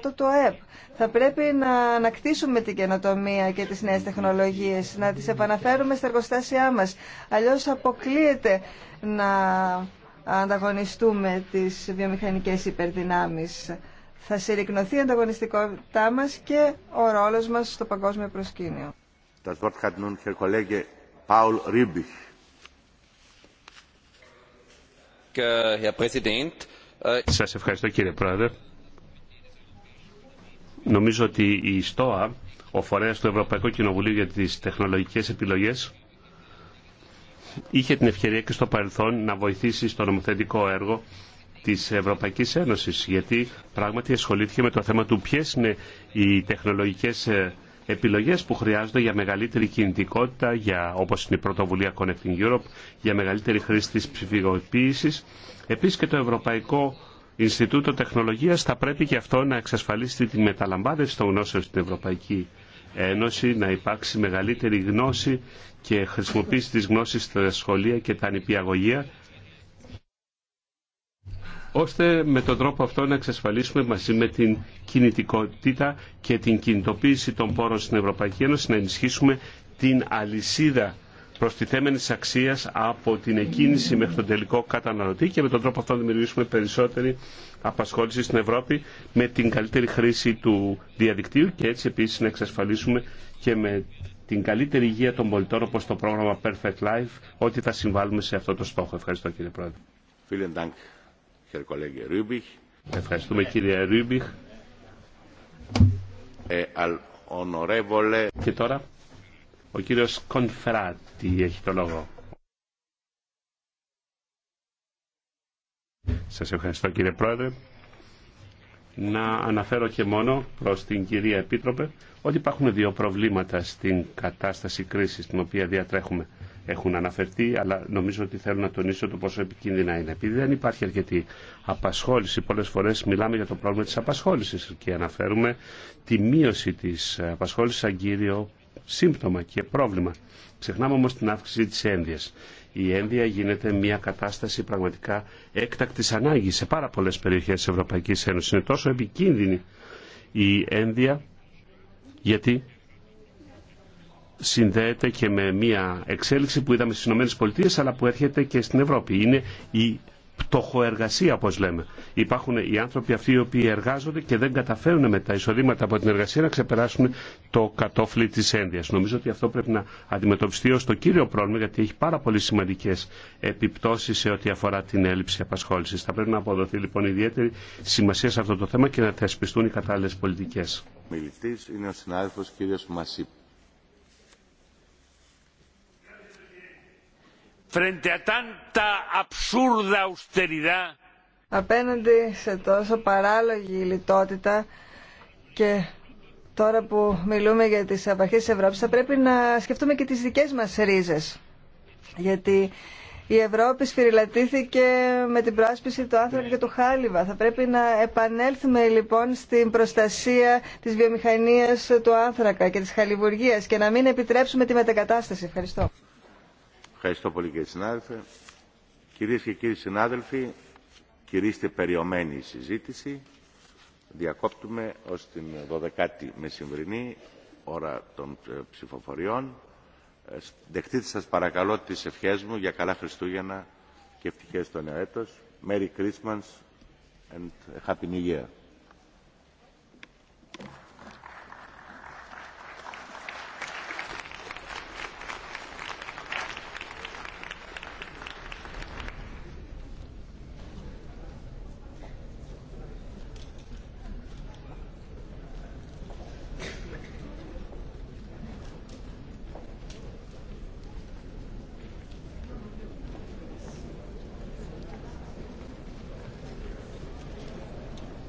2,5% του ΑΕΠ. Θα πρέπει να ανακτήσουμε την καινοτομία και τις νέες τεχνολογίες, να τις επαναφέρουμε στα εργοστάσια μας. Αλλιώς αποκλείεται να ανταγωνιστούμε τις βιομηχανικές υπερδυνάμεις. Θα συρρυκνωθεί η ανταγωνιστικότητά μας και ο ρόλος μας στο παγκόσμιο προσκήνιο. Das Wort hat nun Herr Kollege Äh, äh, Σας ευχαριστώ κύριε Πρόεδρε. Νομίζω ότι η ΣΤΟΑ, ο φορέας του Ευρωπαϊκού Κοινοβουλίου για τις τεχνολογικές επιλογές, είχε την ευκαιρία και στο παρελθόν να βοηθήσει στο νομοθετικό έργο της Ευρωπαϊκής Ένωσης, γιατί πράγματι ασχολήθηκε με το θέμα του ποιες είναι οι τεχνολογικές επιλογές επιλογές που χρειάζονται για μεγαλύτερη κινητικότητα, για, όπως είναι η πρωτοβουλία Connecting Europe, για μεγαλύτερη χρήση τη ψηφιοποίηση. Επίση και το Ευρωπαϊκό Ινστιτούτο Τεχνολογίας θα πρέπει και αυτό να εξασφαλίσει τη μεταλαμβάνευση των γνώσεων στην Ευρωπαϊκή Ένωση, να υπάρξει μεγαλύτερη γνώση και χρησιμοποίηση τη γνώση στα σχολεία και τα νηπιαγωγεία ώστε με τον τρόπο αυτό να εξασφαλίσουμε μαζί με την κινητικότητα και την κινητοποίηση των πόρων στην Ευρωπαϊκή Ένωση να ενισχύσουμε την αλυσίδα προστιθέμενης αξίας από την εκκίνηση μέχρι τον τελικό καταναλωτή και με τον τρόπο αυτό να δημιουργήσουμε περισσότερη απασχόληση στην Ευρώπη με την καλύτερη χρήση του διαδικτύου και έτσι επίσης να εξασφαλίσουμε και με την καλύτερη υγεία των πολιτών όπως το πρόγραμμα Perfect Life ότι θα συμβάλλουμε σε αυτό το στόχο. Ευχαριστώ κύριε Πρόεδρε. Ευχαριστούμε κύριε ε, Ρούμπιχ. Και τώρα ο κύριος Κονφράτη έχει το λόγο. Σας ευχαριστώ κύριε Πρόεδρε. Να αναφέρω και μόνο προς την κυρία Επίτροπε ότι υπάρχουν δύο προβλήματα στην κατάσταση κρίσης την οποία διατρέχουμε έχουν αναφερθεί, αλλά νομίζω ότι θέλω να τονίσω το πόσο επικίνδυνα είναι. Επειδή δεν υπάρχει αρκετή απασχόληση, πολλές φορές μιλάμε για το πρόβλημα της απασχόλησης και αναφέρουμε τη μείωση της απασχόλησης σαν κύριο σύμπτωμα και πρόβλημα. Ξεχνάμε όμως την αύξηση της ένδυας. Η ένδυα γίνεται μια κατάσταση πραγματικά έκτακτης ανάγκης σε πάρα πολλές περιοχές της Ευρωπαϊκής Ένωσης. Είναι τόσο επικίνδυνη η ένδυα γιατί συνδέεται και με μια εξέλιξη που είδαμε στι ΗΠΑ αλλά που έρχεται και στην Ευρώπη. Είναι η πτωχοεργασία, όπω λέμε. Υπάρχουν οι άνθρωποι αυτοί οι οποίοι εργάζονται και δεν καταφέρουν με τα εισοδήματα από την εργασία να ξεπεράσουν το κατόφλι τη ένδυα. Νομίζω ότι αυτό πρέπει να αντιμετωπιστεί ω το κύριο πρόβλημα, γιατί έχει πάρα πολύ σημαντικέ επιπτώσει σε ό,τι αφορά την έλλειψη απασχόληση. Θα πρέπει να αποδοθεί λοιπόν ιδιαίτερη σημασία σε αυτό το θέμα και να θεσπιστούν οι κατάλληλε πολιτικέ. είναι ο κύριος Μασίπ. απέναντι σε τόσο παράλογη λιτότητα και τώρα που μιλούμε για τις απαρχές της Ευρώπης θα πρέπει να σκεφτούμε και τις δικές μας ρίζες γιατί η Ευρώπη σφυριλατήθηκε με την πρόσπιση του άνθρακα και του χάλιβα. Θα πρέπει να επανέλθουμε λοιπόν στην προστασία της βιομηχανίας του άνθρακα και της χαλιβουργίας και να μην επιτρέψουμε τη μετακατάσταση. Ευχαριστώ. Ευχαριστώ πολύ κύριε συνάδελφε. Κυρίες και κύριοι συνάδελφοι, κυρίστε περιομένη η συζήτηση. Διακόπτουμε ως την 12η μεσημβρινή ώρα των ε, ψηφοφοριών. Ε, δεχτείτε σας παρακαλώ τις ευχές μου για καλά Χριστούγεννα και ευτυχές στο νέο έτος. Merry Christmas and Happy New Year.